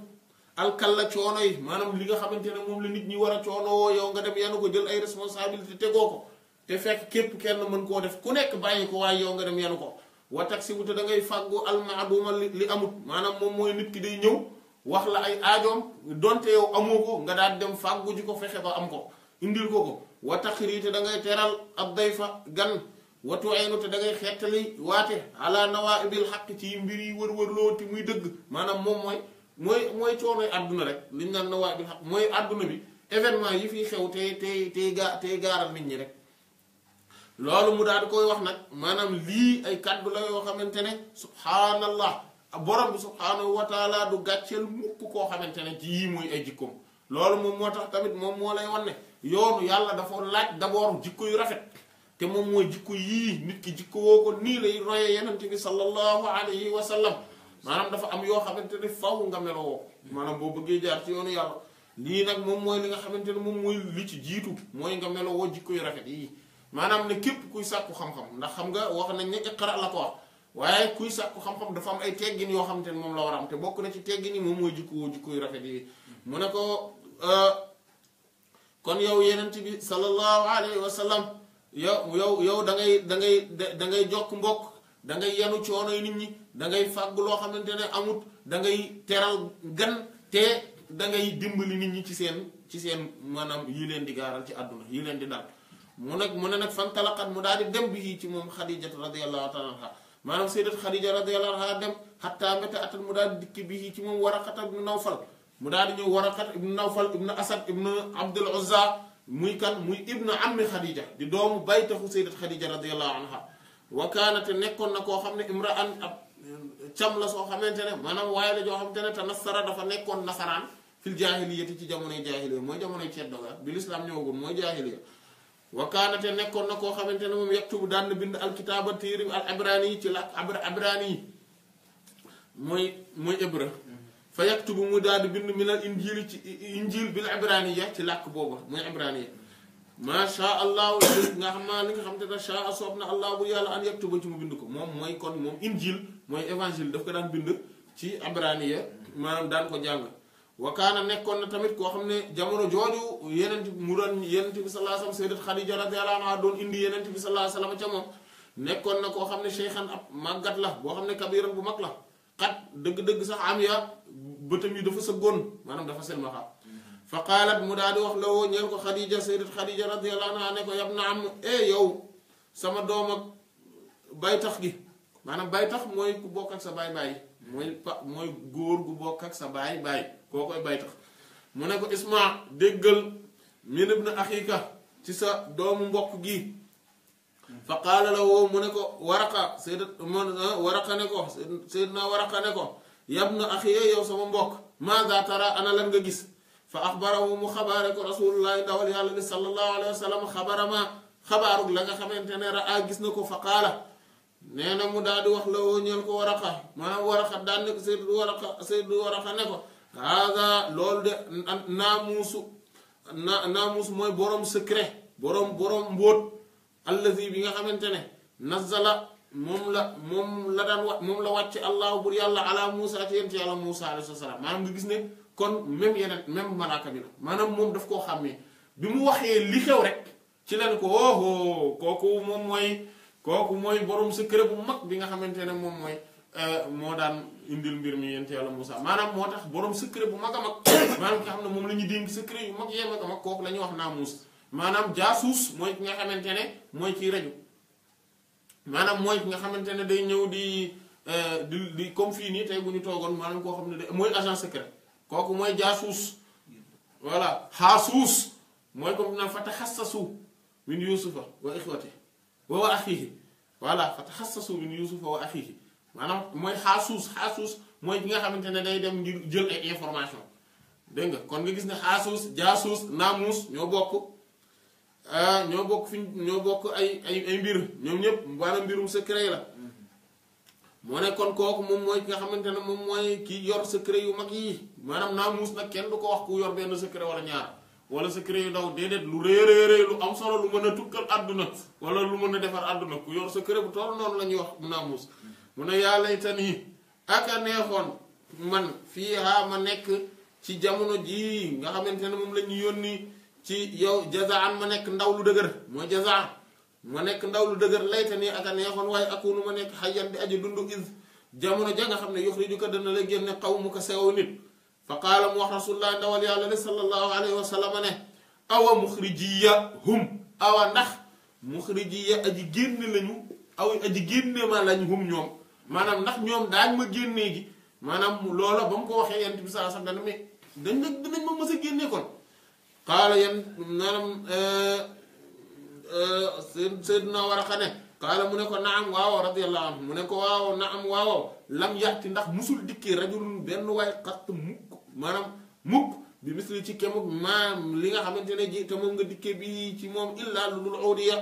alkalla coono yi maanaam li nga xamante ne moom la nit ñi war a coono yow nga dem yanu ko jël ay responsabilité tegoo ko te fekk képp kenn mën koo def ku nekk bàyyi ko waaye yow nga dem yanu ko watax si wute da ngay fàggu almaaduma li amut maanaam moom mooy nit ki day ñëw wahla ay aajom donte yow amoo ko ngaɗa dem fagguji ko fexe ko am ko indir ko ko wa taxrite dangay teral addayfa gan wa tuinute dangay xettali waate ala nawaibil xaq ci mbir yi wër wërlooti muy dëgg maanaam moom mooy mooy mooy coonoy adduna rek liñ naan nawaibil xaq mooy adduna bi événement yi fi xew te te te ga te gaaral nit ñi rek loolu mu daal di koy wax nag maanaam lii ay kaddu la yoo xamante ne subhanallah borom bi subhaanahu wa taala du gàcceel mukk koo xamante ne ci yii muy ay jikkoom loolu moom moo tax tamit moom moo lay wan ne yoonu yàlla dafa laaj d'abord jikko yu rafet te moom mooy jikko yii nit ki jikko woo ko nii lay royee yenente bi sallallahu alayhi wa sallam maanaam dafa am yoo xamante ne faw nga meloo maanaam boo bëggee ci yoonu yàlla lii nag moom mooy li nga xamante ne moom mooy li ci jiitu mooy nga meloo jikko yu rafet yii maanaam ne képp kuy sàkku xam-xam ndax xam nga wax nañ ne iqra la ko wax waaye kuy sàkku xam-xam dafa am ay teggin yoo xam te ne moom la war am te bokk na ci teggin yi moom mooy jikko jikko yu rafet yi mu ne ko euh, kon yow yenent bi sallallahu alayhi wa sallam yow yow yow da ngay da ngay da ngay jokk mbokk da ngay yanu coono nit ñi da ngay fàgg loo xamante ne amut da teral gan te da dimbali nit ñi ci seen ci seen maanaam yi leen di gaaral ci àdduna yii leen di dal mu nag mu ne nag fan talaqat mu daal di dem bi ci moom xadijat radiyallahu taala anha maanaam sayyidat Xadija radiyallahu anha dem xattaa mbéta atal mu daal dikki bi ci moom Waraqata ibnu Nawfal mu daal di ñëw Waraqata ibnu Nawfal ibnu Asad ibnu Abdul Uzza muy kan muy ibnu ammi Xadija di doomu baytaxu sayyidat Xadija radiyallahu anha wa kaanate nekkoon na koo xam ne imra an ab cam la soo xamante ne maanaam waaye la joo xamante ne te nasara dafa nekkoon nasaraan fil jaahiliyati ci jamonoy jaahiliya mooy jamonoy ceddo ga bi lislaam ñëwagul mooy jaahiliya wakaanate nekkoon na koo xamante ne moom yaktubu daan na bind alkitaaba téere bi al abraani yi ci làkk abraani yi mooy mooy hébreu fa yaktubu mu daal di bind minal injiil ci injiil bil abraani ya ci làkk booba mooy abraani ya macha allah nga xam naa li nga xam te ne saa soob na allah bu yàlla an yaktuba ci mu bind ko moom mooy kon moom injiil mooy évangile daf ko daan bind ci abraani ya maanaam daan ko jàng. wakaana nekkoon na tamit koo xam ne jamono jooju yenent mu doon yenent bi sallallahu alayhi wasallam sayyidat Khadija radiyallahu anha doon indi yenent bi sallallahu alayhi wasallam moom nekkoon na koo xam ne cheikhan ab màggat la boo xam ne kabiran bu mag la xat dëgg-dëgg sax am ya bëtam yi dafa sëggoon maanaam dafa selmaxa fa qaalat mu daal di wax la woo ñeel ko Khadija sayyidat Khadija radiyallahu anha ne ko yab na am e yow sama doom ak bay tax gi maanaam bay tax mooy ku bokk ak sa baay baay mooy pa mooy góor gu bokk ak sa baay baay koo koy bay tax mu ne ko isma déggal min ibn axika ci sa doomu mbokk gi fa qaala la woo mu ne ko waraqa sayda waraqa ne ko saydna waraqa ne ko yabna axiya yow sama mbokk maada tara ana lan nga gis fa axbarahu mu xabaare ko rasulullahi ndawal yàlla bi sallallahu la nga xamante ne raa gis na ko fa qaala nee na mu daal di wax la woo ñeel ko waraqa maanaam waraqa daan ne ko saydu waraqa saydu ne ko hada loolu de naa naamuusu na naamuus mooy boroom secret boroom boroom mbóot allazi bi nga xamante ne nazala moom la moom la daan wa moom la wàcc allahu bu yàlla ala muusa ci yent yàlla muusa alayhi salaam maanaam nga gis ne kon même yeneen même malaaka bi la maanaam moom daf koo xàmmee bi mu waxee li xew rek ci leen ko oho kooku moom mooy kooku mooy boroom secret bu mag bi nga xamante ne moom mooy euh, moo daan indil mbir mi yent yàlla Moussa maanaam moo tax borom secret bu mag a mag maanaam ki xam ne moom la ñu dénk secret yu mag yee mag a mag kooku la ñuy wax naamuus maanaam jaasuus mooy ki nga xamante ne mooy ciy raju maanaam mooy ki nga xamante ne day ñëw di euh, di di comme fii nii bu ñu toogoon maanaam koo xam ne day mooy agent secret kooku mooy jaasuus voilà xaasuus mooy comme naan fataxassasu min yusufa wa ixwati wa wa axihi voilà fataxassasu min yusufa wa axihi manam moy khasus khasus moy gi nga xamantene day dem ngir jël ay information deug nga kon nga gis ne khasus jasus namus ño bokk ah, ño bokk fi ño bokk ay ay ay mbir ñom ñep wala mbirum secret la mo ne kon kooku mom moy ki nga xamantene mom moy ki yor secret yu mag yi manam namus nak kenn du ko wax ku yor ben secret wala ñaar wala secret yu ndaw dedet lu re lu am solo lu meuna tukkal aduna wala lu meuna defar aduna ku yor secret bu toll wax mu yàlla yaa laytani ak a neexoon man fii haa ma nekk ci jamono jii nga xamante ne moom la ñu yónni ci yow jazaan ma nekk ndaw lu dëgër mooy jazaan ma nekk ndaw lu dëgër laytani ak a neexoon waaye akunu ma nekk xayyan di aji dundu is jamono ja nga xam ne yuxrijuka dana la génne xaw mu ko sew nit fa qaala mu wax rasulullah ndawal yàlla de sallallahu alayhi wa sallam ne awa muxrijiya hum awa ndax muxrijiya aji génne lañu aw aji génne ma lañ maanaam ndax ñoom daañ ma génnee gi maanaam loola ba mu ko waxee yent bi saa sax dana mais dañ na dinañ ma mës a génnee kon xaala yan maanaam euh, euh, Seydina Waraqa ne xaala mu ne ko naam waaw radiyallahu anhu mu ne ko waaw naam waaw lam yàtti ndax musul dikkee rajulun benn waay xatt mukk maanaam mukk bi misli ci kemuk maam li nga xamante ne ji te nga dikkee bi ci moom illaa lu dul awdiya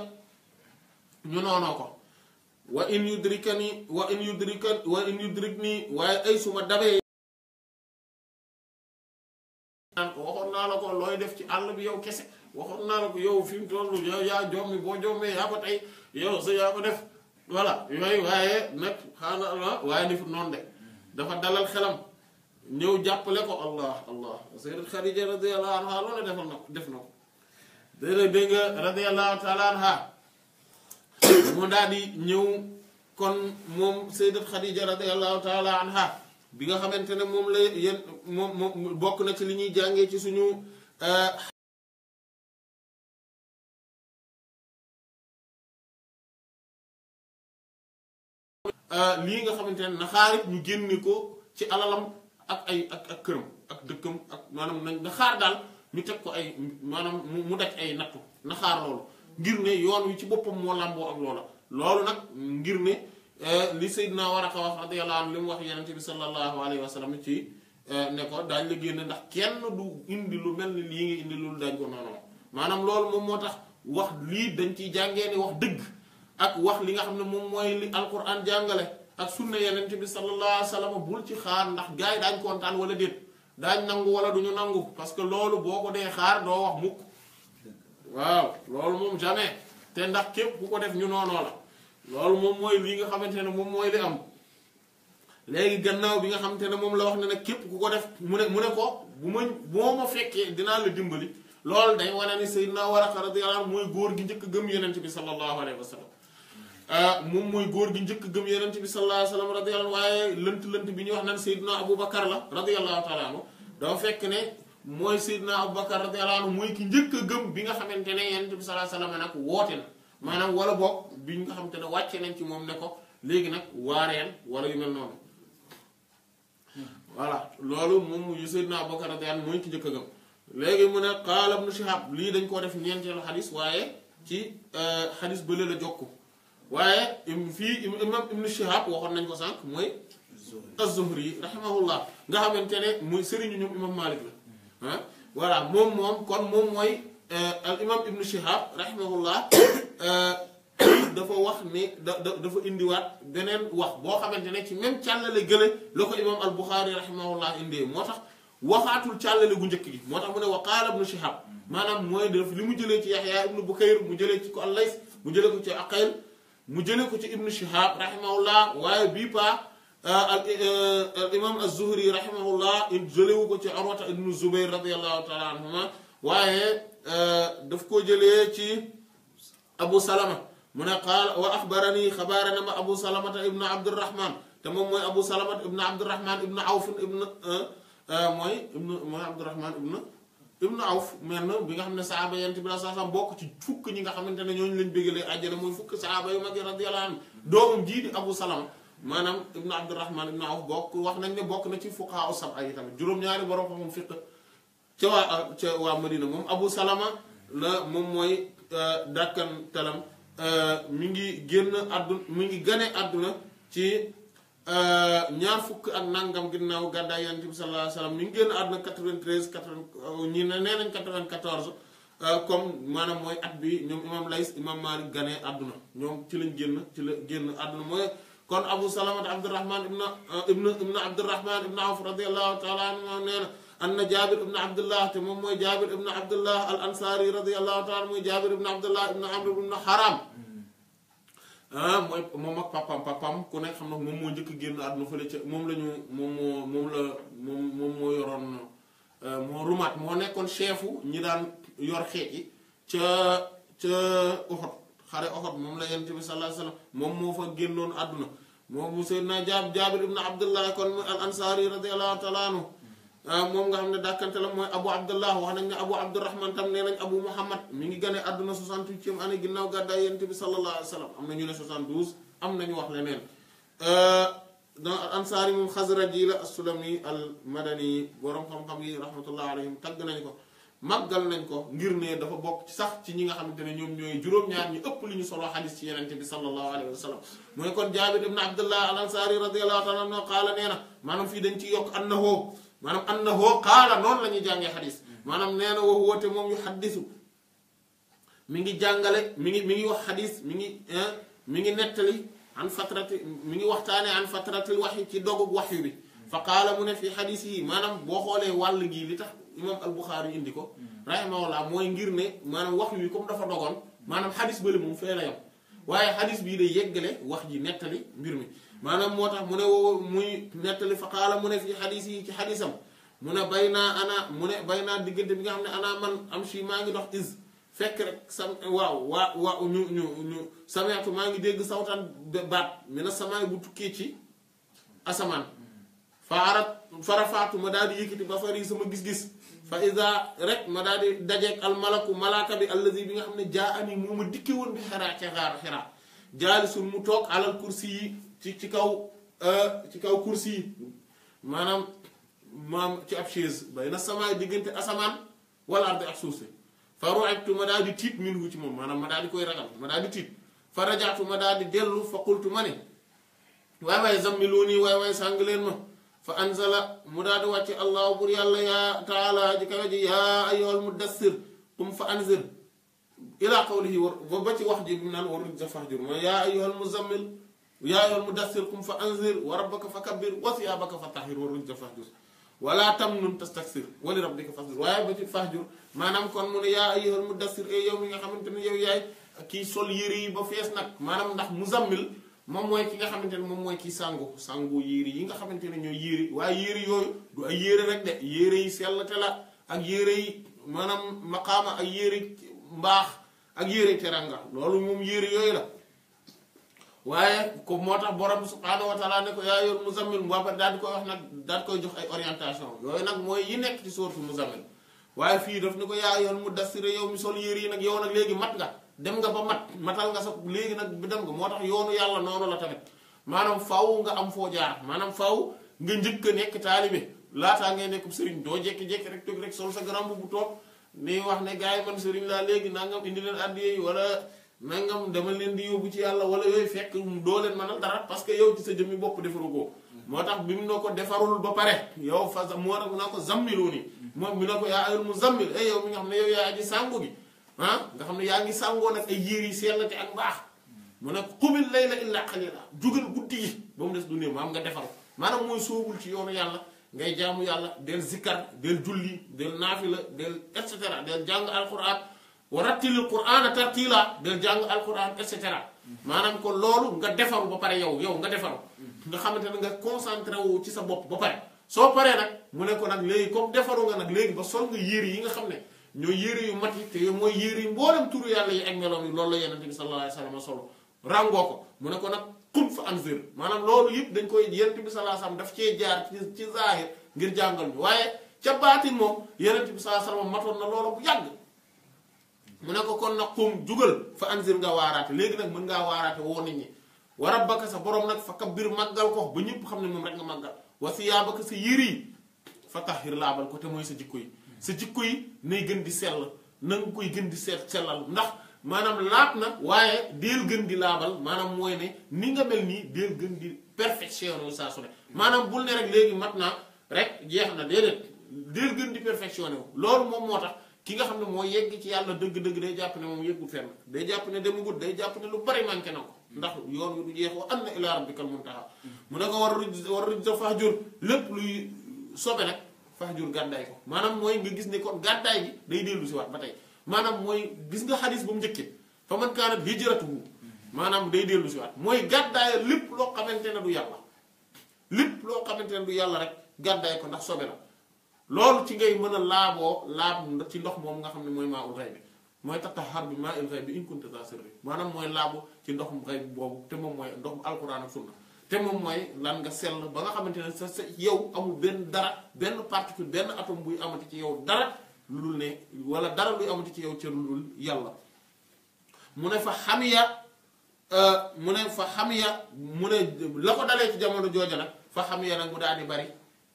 ñu noonoo ko wa in yudrikani wa in yudrikani naa la ko looy def ci àll bi yow kese waxoon naa la ko yow fi toll yow yaa jommi boo jommee yaa ko tey yow sa yaa ko def voilà yooyu waaye nag xanaa waaye def noonu de dafa dalal xelam ñëw jàppale ko allah allah sayyidat Xadija radiyallahu anha loolu defal na ko def na ko dégg nga radiyallahu taala anha mu daal di ñëw kon moom sayyidat Khadija radiyallahu taala anha bi nga xamante ne moom la yéen moom moom bokk na ci li ñuy jàngee ci suñu euh, euh, lii nga xamante ne na xaarit ñu génne ko ci alalam ak ay ak ak këram ak dëkkam ak maanaam nañ na xaar daal ñu teg ko ay maanaam mu daj ay nattu na xaar loolu ngir ne yoon wi ci boppam moo làmboo ak loola loolu nag ngir ne eh, li naa Seydina Waraka wax radiyallahu anhu li mu wax yenente bi sallallahu alayhi wa sallam ci eh, ne ko daañ la génne ndax kenn du indi lu mel ni lii ngi indi loolu daañ ko noonu maanaam loolu moom moo tax wax lii dañ ciy jàngee ni wax dëgg ak wax li nga xam ne moom mooy li alquran jàngale ak sunna yenente bi sallallahu alayhi wa sallam bul ci xaar ndax gars yi daañ kontaan wala déet daañ nangu wala duñu nangu parce que loolu boo dee xaar doo wax mukk waaw loolu moom jamais te ndax képp ku ko def ñu noonoo la loolu moom mooy li nga xamante ne moom mooy li am léegi gannaaw bi nga xamante ne moom la wax ne nag képp ku ko def mu ne mu ne ko bu ma boo ma fekkee dinaa la dimbali loolu day wane ni Seydina Waraqa radiyallahu anhu mooy góor gi njëkk gëm yonent bi sallallahu alayhi wa sallam ah, moom mooy góor gi njëkk gëm yonent bi sallallahu alayhi wa sallam radiyallahu waaye lënt lënt bi ñuy wax naan Seydina bakar la radiyallahu taala anhu dafa fekk ne mooy Seydina Aboubacar radiyallahu anhu mooy ki njëkk a gëm bi nga xamante ne yonent bi sallallahu alayhi nag woote na maanaam wala boog bi nga xamante ne wàcce nañ ci moom ne ko léegi nag waareen wala yu mel noonu voilà loolu moom yu naa Aboubacar radiyallahu anhu mooy ki njëkk a gëm léegi mu ne qaala ibnu Shihab lii dañ koo def ñeenteelu xadis waaye ci euh, xadis bële la jokku waaye fii imam ibnu Shihab waxoon nañ ko sànq mooy az-Zuhri rahimahullah nga xamante ne muy sëriñu ñoom imam voilà moom moom kon moom mooy al imam ibn shihab rahimahullah dafa wax ni da dafa indiwaat benen wax bo xamante ne ci même càllale gële la ko imam al bukhari rahimahullah indee moo tax waxaatul càllale gu njëkk gi moo tax mu ne wa qaala ibn shihab maanaam mooy def li mu jëlee ci yaxya ibn bukhair mu jëlee ci ko allays mu jëlee ko ci aqayl mu jëlee ko ci ibnu shihab rahimahullah waaye bi pa Euh, euh, al imam az-Zuhri rahimahullah jëlewu ko ci Urwata ibnu Zubayr radiyallahu taala anhuma waaye euh, daf ko jële ci Abu Salama mu ne qaala wa axbarani xabaare na ma Abu Salamata ibnu Abdurrahman moom mooy Abu Salamata ibnu Abdurrahman ibnu Awf ibnu mooy ibnu mooy Abdurrahman ibnu ibnu Awf mel na bi nga xam ne sahaaba yent bi sallallahu alayhi wasallam bokk ci fukk ñi nga xamante ne ñooñu lañ bégalee àjjana mooy fukk sahaaba yu mag yi radiyallahu anhu doomam jii di Abu Salama maanaam ibnu abdurahman ibnu awf bokk wax nañ ne bokk na ci fuqahaa saba yi tamit juróom-ñaari borom xam-xam fiq ca waa ca waa madina moom abu salama la moom mooy euh, dàkkan talam euh, mi ngi génn àdduna mi ngi gane àdduna ci euh, ñaar fukk ak nangam ginnaaw gàddaay yonent bi sallallahu alayhi wa sallam mi ngi génn àdduna 93 80 ñi ne nee nañ 94 comme maanaam mooy at bi ñoom imam lays imam maalik gane àdduna ñoom ci lañ génn ci la génn àdduna mooy kon abu salamata abdurahman eh, ibn ibn ibn abdurahman ibn awf radiallahu taala anhu moom nee na an na jabir ibn abdullah te moom mooy jabir ibn abdullah al ansari radiallahu taala mooy jabir ibn abdullah ibn amr ibn haram ah mooy moom ak papam papam ku nekk xam na moom moo njëkk génn àdduna fële ca moom la ñu moom moo moom la moom moom moo yoroon eh, moo rumaat moo nekkoon chefu ñi daan yor xeet yi ca ca Uhud xare Uhud moom la yonent bi sallallahu alayhi wasallam moom moo fa génnoon àdduna moom mu seydna jaab jaabir ibn abdullah kon mu al ansaari radiallahu taala anhu ah, moom nga xam ne dàkkante la mooy abu abdullah wax nañ ne abu abdurahman tam nee nañ abu muhammad mi ngi gane àdduna 68e année ginnaaw gàddaay yonent bi sallallahu alayhi wa sallam am na ñu ne 72 am nañu wax leneen ah, donc al ansaari moom xasraj yi la assulami al madani borom xam-xam yi rahmatullah alayhim tagg nañ ko màggal nañ ko ngir ne dafa bokk sax ci ñi nga xam ne ñoom ñooy juróom-ñaar ñi ëpp lu ñu solo xadis ci yenente bi sallallahu alayhi wa sallam mu ne kon jaabir ibn abdullah al ansari radiallahu taala anhu qaala nee na maanaam fii dañ ci yokk annahoo maanaam annahoo qaala noonu la ñuy jàngee xadis maanaam nee na waxu woote moom yu xaddisu mi ngi jàngale mi ngi mi ngi wax xadis mi ngi mi ngi nettali an fatrati mi ngi waxtaanee an fatratil waxyi ci wax waxyu bi fa qaala mu ne fii xadis yi maanaam boo xoolee wàll gi li tax imam al-Bukhari indi ko hmm. rahimahullah mooy ngir ne maanaam wax wi comme dafa dogoon maanaam xadis bële moom fee la yam waaye xadis bii day yeggale wax ji nettali mbir mi maanaam moo tax mu ne woo muy nettali fa qaala mu ne fii xadis ne bay naa ana mu bay naa diggante bi nga xam ne ana man am si maa ngi dox is fekk rek sam waaw waa waaw maa ngi dégg sawtaan baat mi na samaay bu tukkee ci asamaan hmm. fa arat farafaatu ma daal di yëkkati ba fari sama gis-gis fa isa rek ma daal di dajeeg almalaku malaaka bi allazi bi nga xam ne jaa ani moo ma dikke woon bi xeraa ca xaar xeraa jaalisul mu toog alal kursi yi ci ci kaw euh, ci kaw kursi yi maanaam maam ci ab chaise bay na samaa diggante asamaan wala ardi ak suuf si fa ru'ibtu ma daal di tiit minhu ci moom maanaam ma daal di koy ragal ma daal di tiit fa rajaatu ma daal di dellu fa qultu ma ne waay waay zammiluuni waay waaye sàng leen ma fa anzala mu daal di wàcce allahu bur yàlla yaa taala ji kawe ji yaa ayyuhal muddassir qum fa anzir ila qawlihi war ba ci wax ji bi mu naan warul jafax jur mooy yaa ayyuhal muzammil yaa ayyuhal muddassir qum fa anzir wa rabbaka fa kabbir wa siyaabaka fa tahir warul jafax jur wala tamnun tastaksir wali rabbika fasbir waaye ba ci fax jur maanaam kon mu ne yaa ayyuhal muddassir yow mi nga xamante ne yow yaay kii sol yére yi ba fees nag maanaam ndax muzammil moom mooy ki nga xamante ne moom mooy ki sangu sangu yére yi nga xamante ne ñoo yére waaye yére yooyu du ay yére rek de yére yi sellte la ak yére yi maanaam maqaama ak yére mbaax ak yére teranga loolu moom yére yooyu la waaye ko moo tax borom subhaanahu wa taala ne ko yaa yor muzammil booba daal di koy wax nag daal di jox ay orientation yooyu nag mooy yi nekk ci sourate muzammil waaye fii daf ni ko mu yor mudassir yow mi sol yére yi nag yow nag léegi mat nga dem nga ba mat matal nga sa léegi nag bi dem nga moo tax yoonu yàlla noonu la tamit maanaam faaw nga am foo jaar maanaam faaw nga njëkk a nekk taalibe laataa ngay nekku sëriñ doo jékki-jékki rek toog rek sol sa grand bu toog ni wax ne gaa yi man sëriñ laa léegi nangam indi leen addiye yi wala nangam dama leen di yóbbu ci yàlla wala yooyu fekk doo leen mënal dara parce que yow ci sa jëmmi bopp defaru ko. moo tax bi mu ne ko defarul ba pare yow fa moo tax mu ne ko zammilu nii moom mi ne ko eh, yow nga xam ne yow yaa aji sàngu ah nga xam ne yaa ngi sàngoon ak ay yéer yi sellate ak mbaax mu ne xubil layla illa qalila jugal guddi yi ba mu des du néew maam nga defar maanaam mooy soobul ci yoonu yàlla ngay jaamu yàlla del zikkar del julli del naafila del et cetera del jàng alquran wa rattilil qur'ana tartila del jàng alquran et cetera maanaam ko loolu nga defaru ba pare yow yow nga defaru nga xamante ne nga concentré wu ci sa bopp ba pare soo paree nag mu ne ko nag léegi comme defaru nga nag léegi ba sol nga yére yi nga xam ne ñooy yére yu mat yi te mooy yére yu mboolem turu yàlla yi ak meloom yi loolu la yenente bi sallallahu alayhi wasallam solo ko mu ne ko nag qum fa maanaam loolu yëpp dañ koy yenente bi sallallahu alayhi wasallam daf cee jaar ci zaahir ngir jàngal bi waaye ca baatin moom yenente bi sallallahu alayhi wasallam matoon na loolu bu yàgg mu ne ko kon nag qum jugal fa anzir nga waaraate léegi nag mën ngaa waaraate woo nit ñi war wa rabbaka sa borom nag fa kabbir màggal ko ba ñëpp xam ne moom rek nga màggal wa bakk si yére yi fa tahir laabal ko te mooy sa jikko yi sa jikko yi nay gën di sell na koy gën di seet sellal ndax maanaam laab na waaye deel gën di laabal maanaam mooy ne ni nga mel nii deel gën di perfectionné saa su maanaam bul ne rek léegi mat naa rek jeex na déedéet deel gën di perfectionné wu loolu moom moo tax ki nga xam ne moo yegg ci yàlla dëgg-dëgg day jàpp ne moom yëggul fenn day jàpp ne demagut day jàpp ne lu bari manqué na ko ndax yoon wi du jeex wa am na ilaa rabbikal muntaha mu ne ko war ruj war ruj lépp luy sobe fahjur gàddaay ko maanaam mooy nga gis ne kon gàddaay gi day dellu si waat ba tey maanaam mooy gis nga xadis ba mu njëkkee fa man kaanat hijratuhu maanaam day dellu si waat mooy gàddaay lépp loo xamante ne du yàlla lépp loo xamante ne du yàlla rek gàddaay ko ndax sobe la loolu ci ngay mën a laaboo laab ci ndox moom nga xam ne mooy maa ul xay bi mooy tattaxar bi maa ul xay bi in kunta za maanaam mooy laabu ci ndoxum xay boobu te moom mooy ndoxum alquran ak te moom mooy lan nga sell ba nga xamante ne sa sa yow amul benn dara benn particule benn atome buy amati ci yow dara lu dul ne wala dara luy amati ci yow ca lu dul yàlla mu ne fa xamiya euh, mu ne fa xamiya mu ne la ko dalee ci jamono jooja nag fa xamiya nag mu daal di bari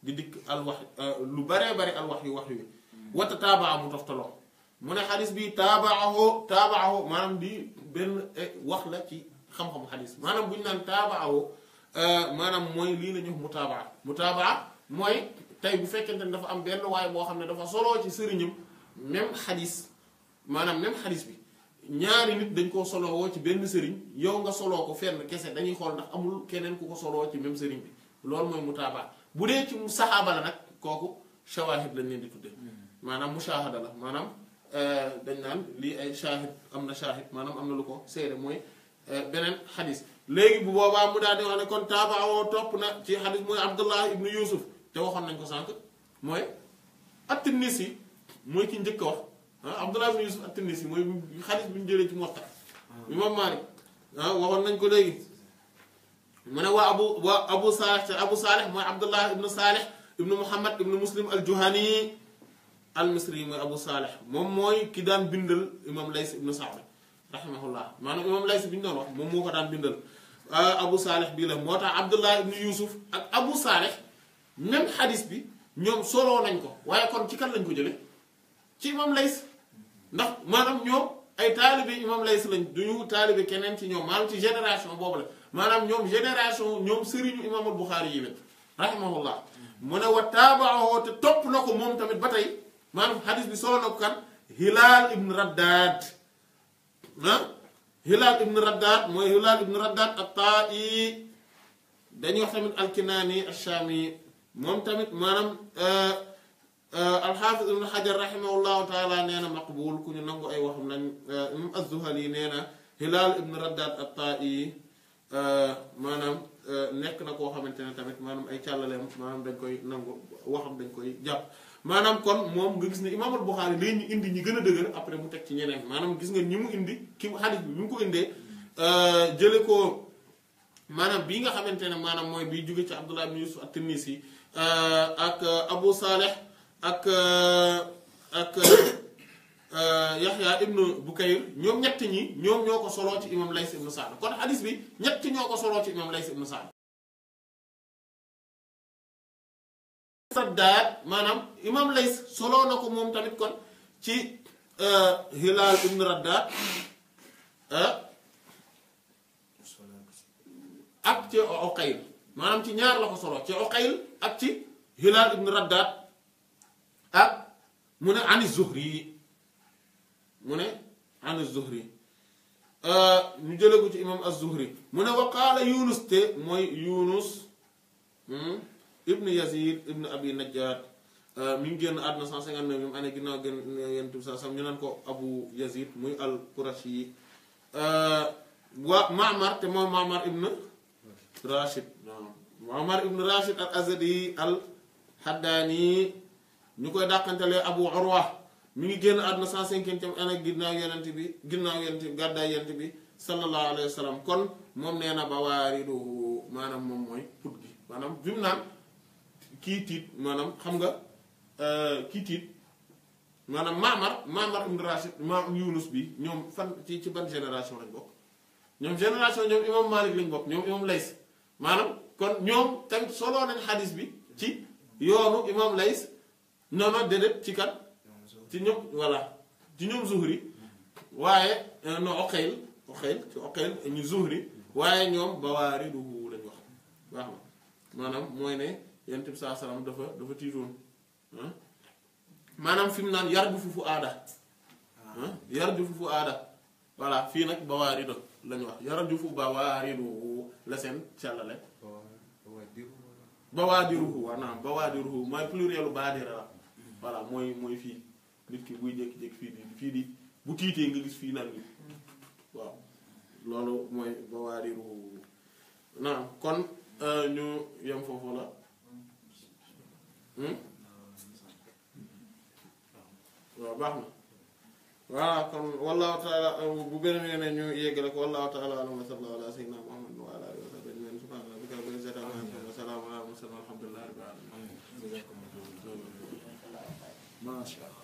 di dikk al wax euh, lu baree bari al wax yu wax yu mm. wata taabaa mu toftaloo mu ne xadis bi taabaaho taabaaho maanaam di benn eh, wax la ci xam-xamu xadis maanaam buñ naan naan taabaaho Euh, maanaam mooy lii la ñu mutaabaa mutaabaa mooy tey bu fekkente ne dafa am benn waay boo xam ne dafa soloo ci sëriñam même xadis maanaam même xadis bi ñaari nit dañ koo soloo ci benn sëriñ yow nga soloo ko fenn kese dañuy xool ndax amul keneen ku ko soloo ci même sëriñ bi loolu mooy mutaabaa bu dee ci saxaaba la nag kooku shawaahid lañ leen di tuddee maanaam mushahada la maanaam euh, dañ naan lii ay shaahid am na shaahid maanaam am na lu ko seere mooy euh, beneen xadis léegi bu boobaa mu daal di wax ne kon taaba awoo topp na ci xadis mooy abdullah ibnu yusuf te waxoon nañ ko sànq mooy at-Tinnisi yi mooy ki njëkk a wax ah, abdullah ibnu yusuf at yi mooy xadis bi ñu jëlee ci Muwatta ah. imam Maalik ah, waxoon nañ ko léegi mu ne waa abu waa abu saalih te abu saalih mooy abdullah ibnu saalih ibnu muhammad ibnu muslim al-Juhani al-Misri yi mooy abu saalih moom mooy ki daan bindal imam Lays ibnu Sa'd rahimahullah maanaam imam Lays bi ñu doon wax moom moo ko daan bindal abu saaleh bii la moo tax abdullah ibnu yusuf ak abu saaleh même xadis bi ñoom soloo nañ ko waaye kon ci kan lañ ko jële ci imam lays ndax maanaam ñoom ay taalibi imam lays lañ duñu taalibi keneen ci ñoom maanaam ci génération boobu la maanaam ñoom génération ñoom sëriñu imamul buxaari yi la rahimahullah mu ne wa taabaaho te topp na ko moom tamit ba tey maanaam xadis bi soloo na ko kan hilaal ibn raddaad ah hilaal ibnu raddaat mooy hilaal ibnu raddaat ak taa i dañuy wax tamit alkinaani alchaami moom tamit maanaam alxaafis ibnu xajar raximahullahu taala nee na maqbul ku ñu nangu ay waxam nañ imam azzuhali nee na hilaal ibnu raddaat ak taa i maanaam nekk na koo xamante ne tamit maanaam ay càllaleem maanaam dañ koy nangu waxam dañ koy jàpp maanaam kon moom nga gis ne imaamul Buxaari léegi ñu indi ñi gën a dëgër après mu teg ci ñeneen maanaam gis nga ñi mu indi ki xadis bi bi mu ko indee euh, jële ko maanaam bii nga xamante ne maanaam mooy bi jóge ci Abdullah ibn Yusuf at-Tinnisi euh, ak euh, Abu Saleh ak ak Yaxya ibnu Bukayr ñoom ñett ñi ñoom ñoo ko soloo ci imam Lays ibnu Sa'd kon xadis bi ñett ñoo ko soloo ci imam Lays ibnu Sa'd saddaat maanaam imam lay soloo na ko moom tamit kon ci euh, hilaal ibn raddaat euh, ak ci oqayl maanaam ci ñaar la ko solo ci oqayl ak ci hilaal ibn raddaat ak mu ne ani zuhri yi mu ne ani zuhri euh, ñu jële ko ci imam az zuhri mu ne wa yunus te mooy yunus hmm? ibn yazid ibn abi najjar euh, mi ngi génn àdduna 159 mi mu année ginnaaw euh, euh, mamar te moom mamar ibn rashid ngi génn àdduna 150 année ginnaaw yonent bi ginnaaw yonent gàddaay yonent bi sallallahu alayhi wa kon moom nee na ba waariduhu maanaam moom mooy put gi maanaam bi naan kii tiit maanaam xam nga euh, kii tiit maanaam Maamar Maamar ibn maam Yunus bi ñoom fan ci ci ban génération lañ bokk ñoom génération ñoom imam Malik lañ bokk ñoom imam Lays maanaam kon ñoom tamit soloo nañ bi ci yoonu imam Lays non non ci kat ci ñoom voilà ci ñoom Zuhri waaye euh, non Oqayl Oqayl ci Oqayl ñu Zuhri waaye ñoom bawaariduhu lañ wax waaw maanaam mooy ne. yentib sa saa dafa dafa tiitoon manam fim nan yar ju fufu ada yar ju fufu ada wala fi nak bawarido lañ wax yar ju fufu bawarido la sen cialale bawadiru wana bawadiru bawaadiruhu plurielu badira wala moy moy fi nit ki buy jek jek fi di fii di bu tite nga gis fi nan waaw lolu moy bawadiru na kon euh, ñu yam fofu la Hmm? waaw baax na voilà kon wallahu taala bu beneen nga ne ñu yeggale ko wallahu taala alam wa sallallahu ala sayyidina muhammad wa ala alihi wa sahbihi ajmain subhana rabbika rabbil izzati amma yasifun wa salamun ala al mursalin walhamdulillahi rabbil alamin masha Allah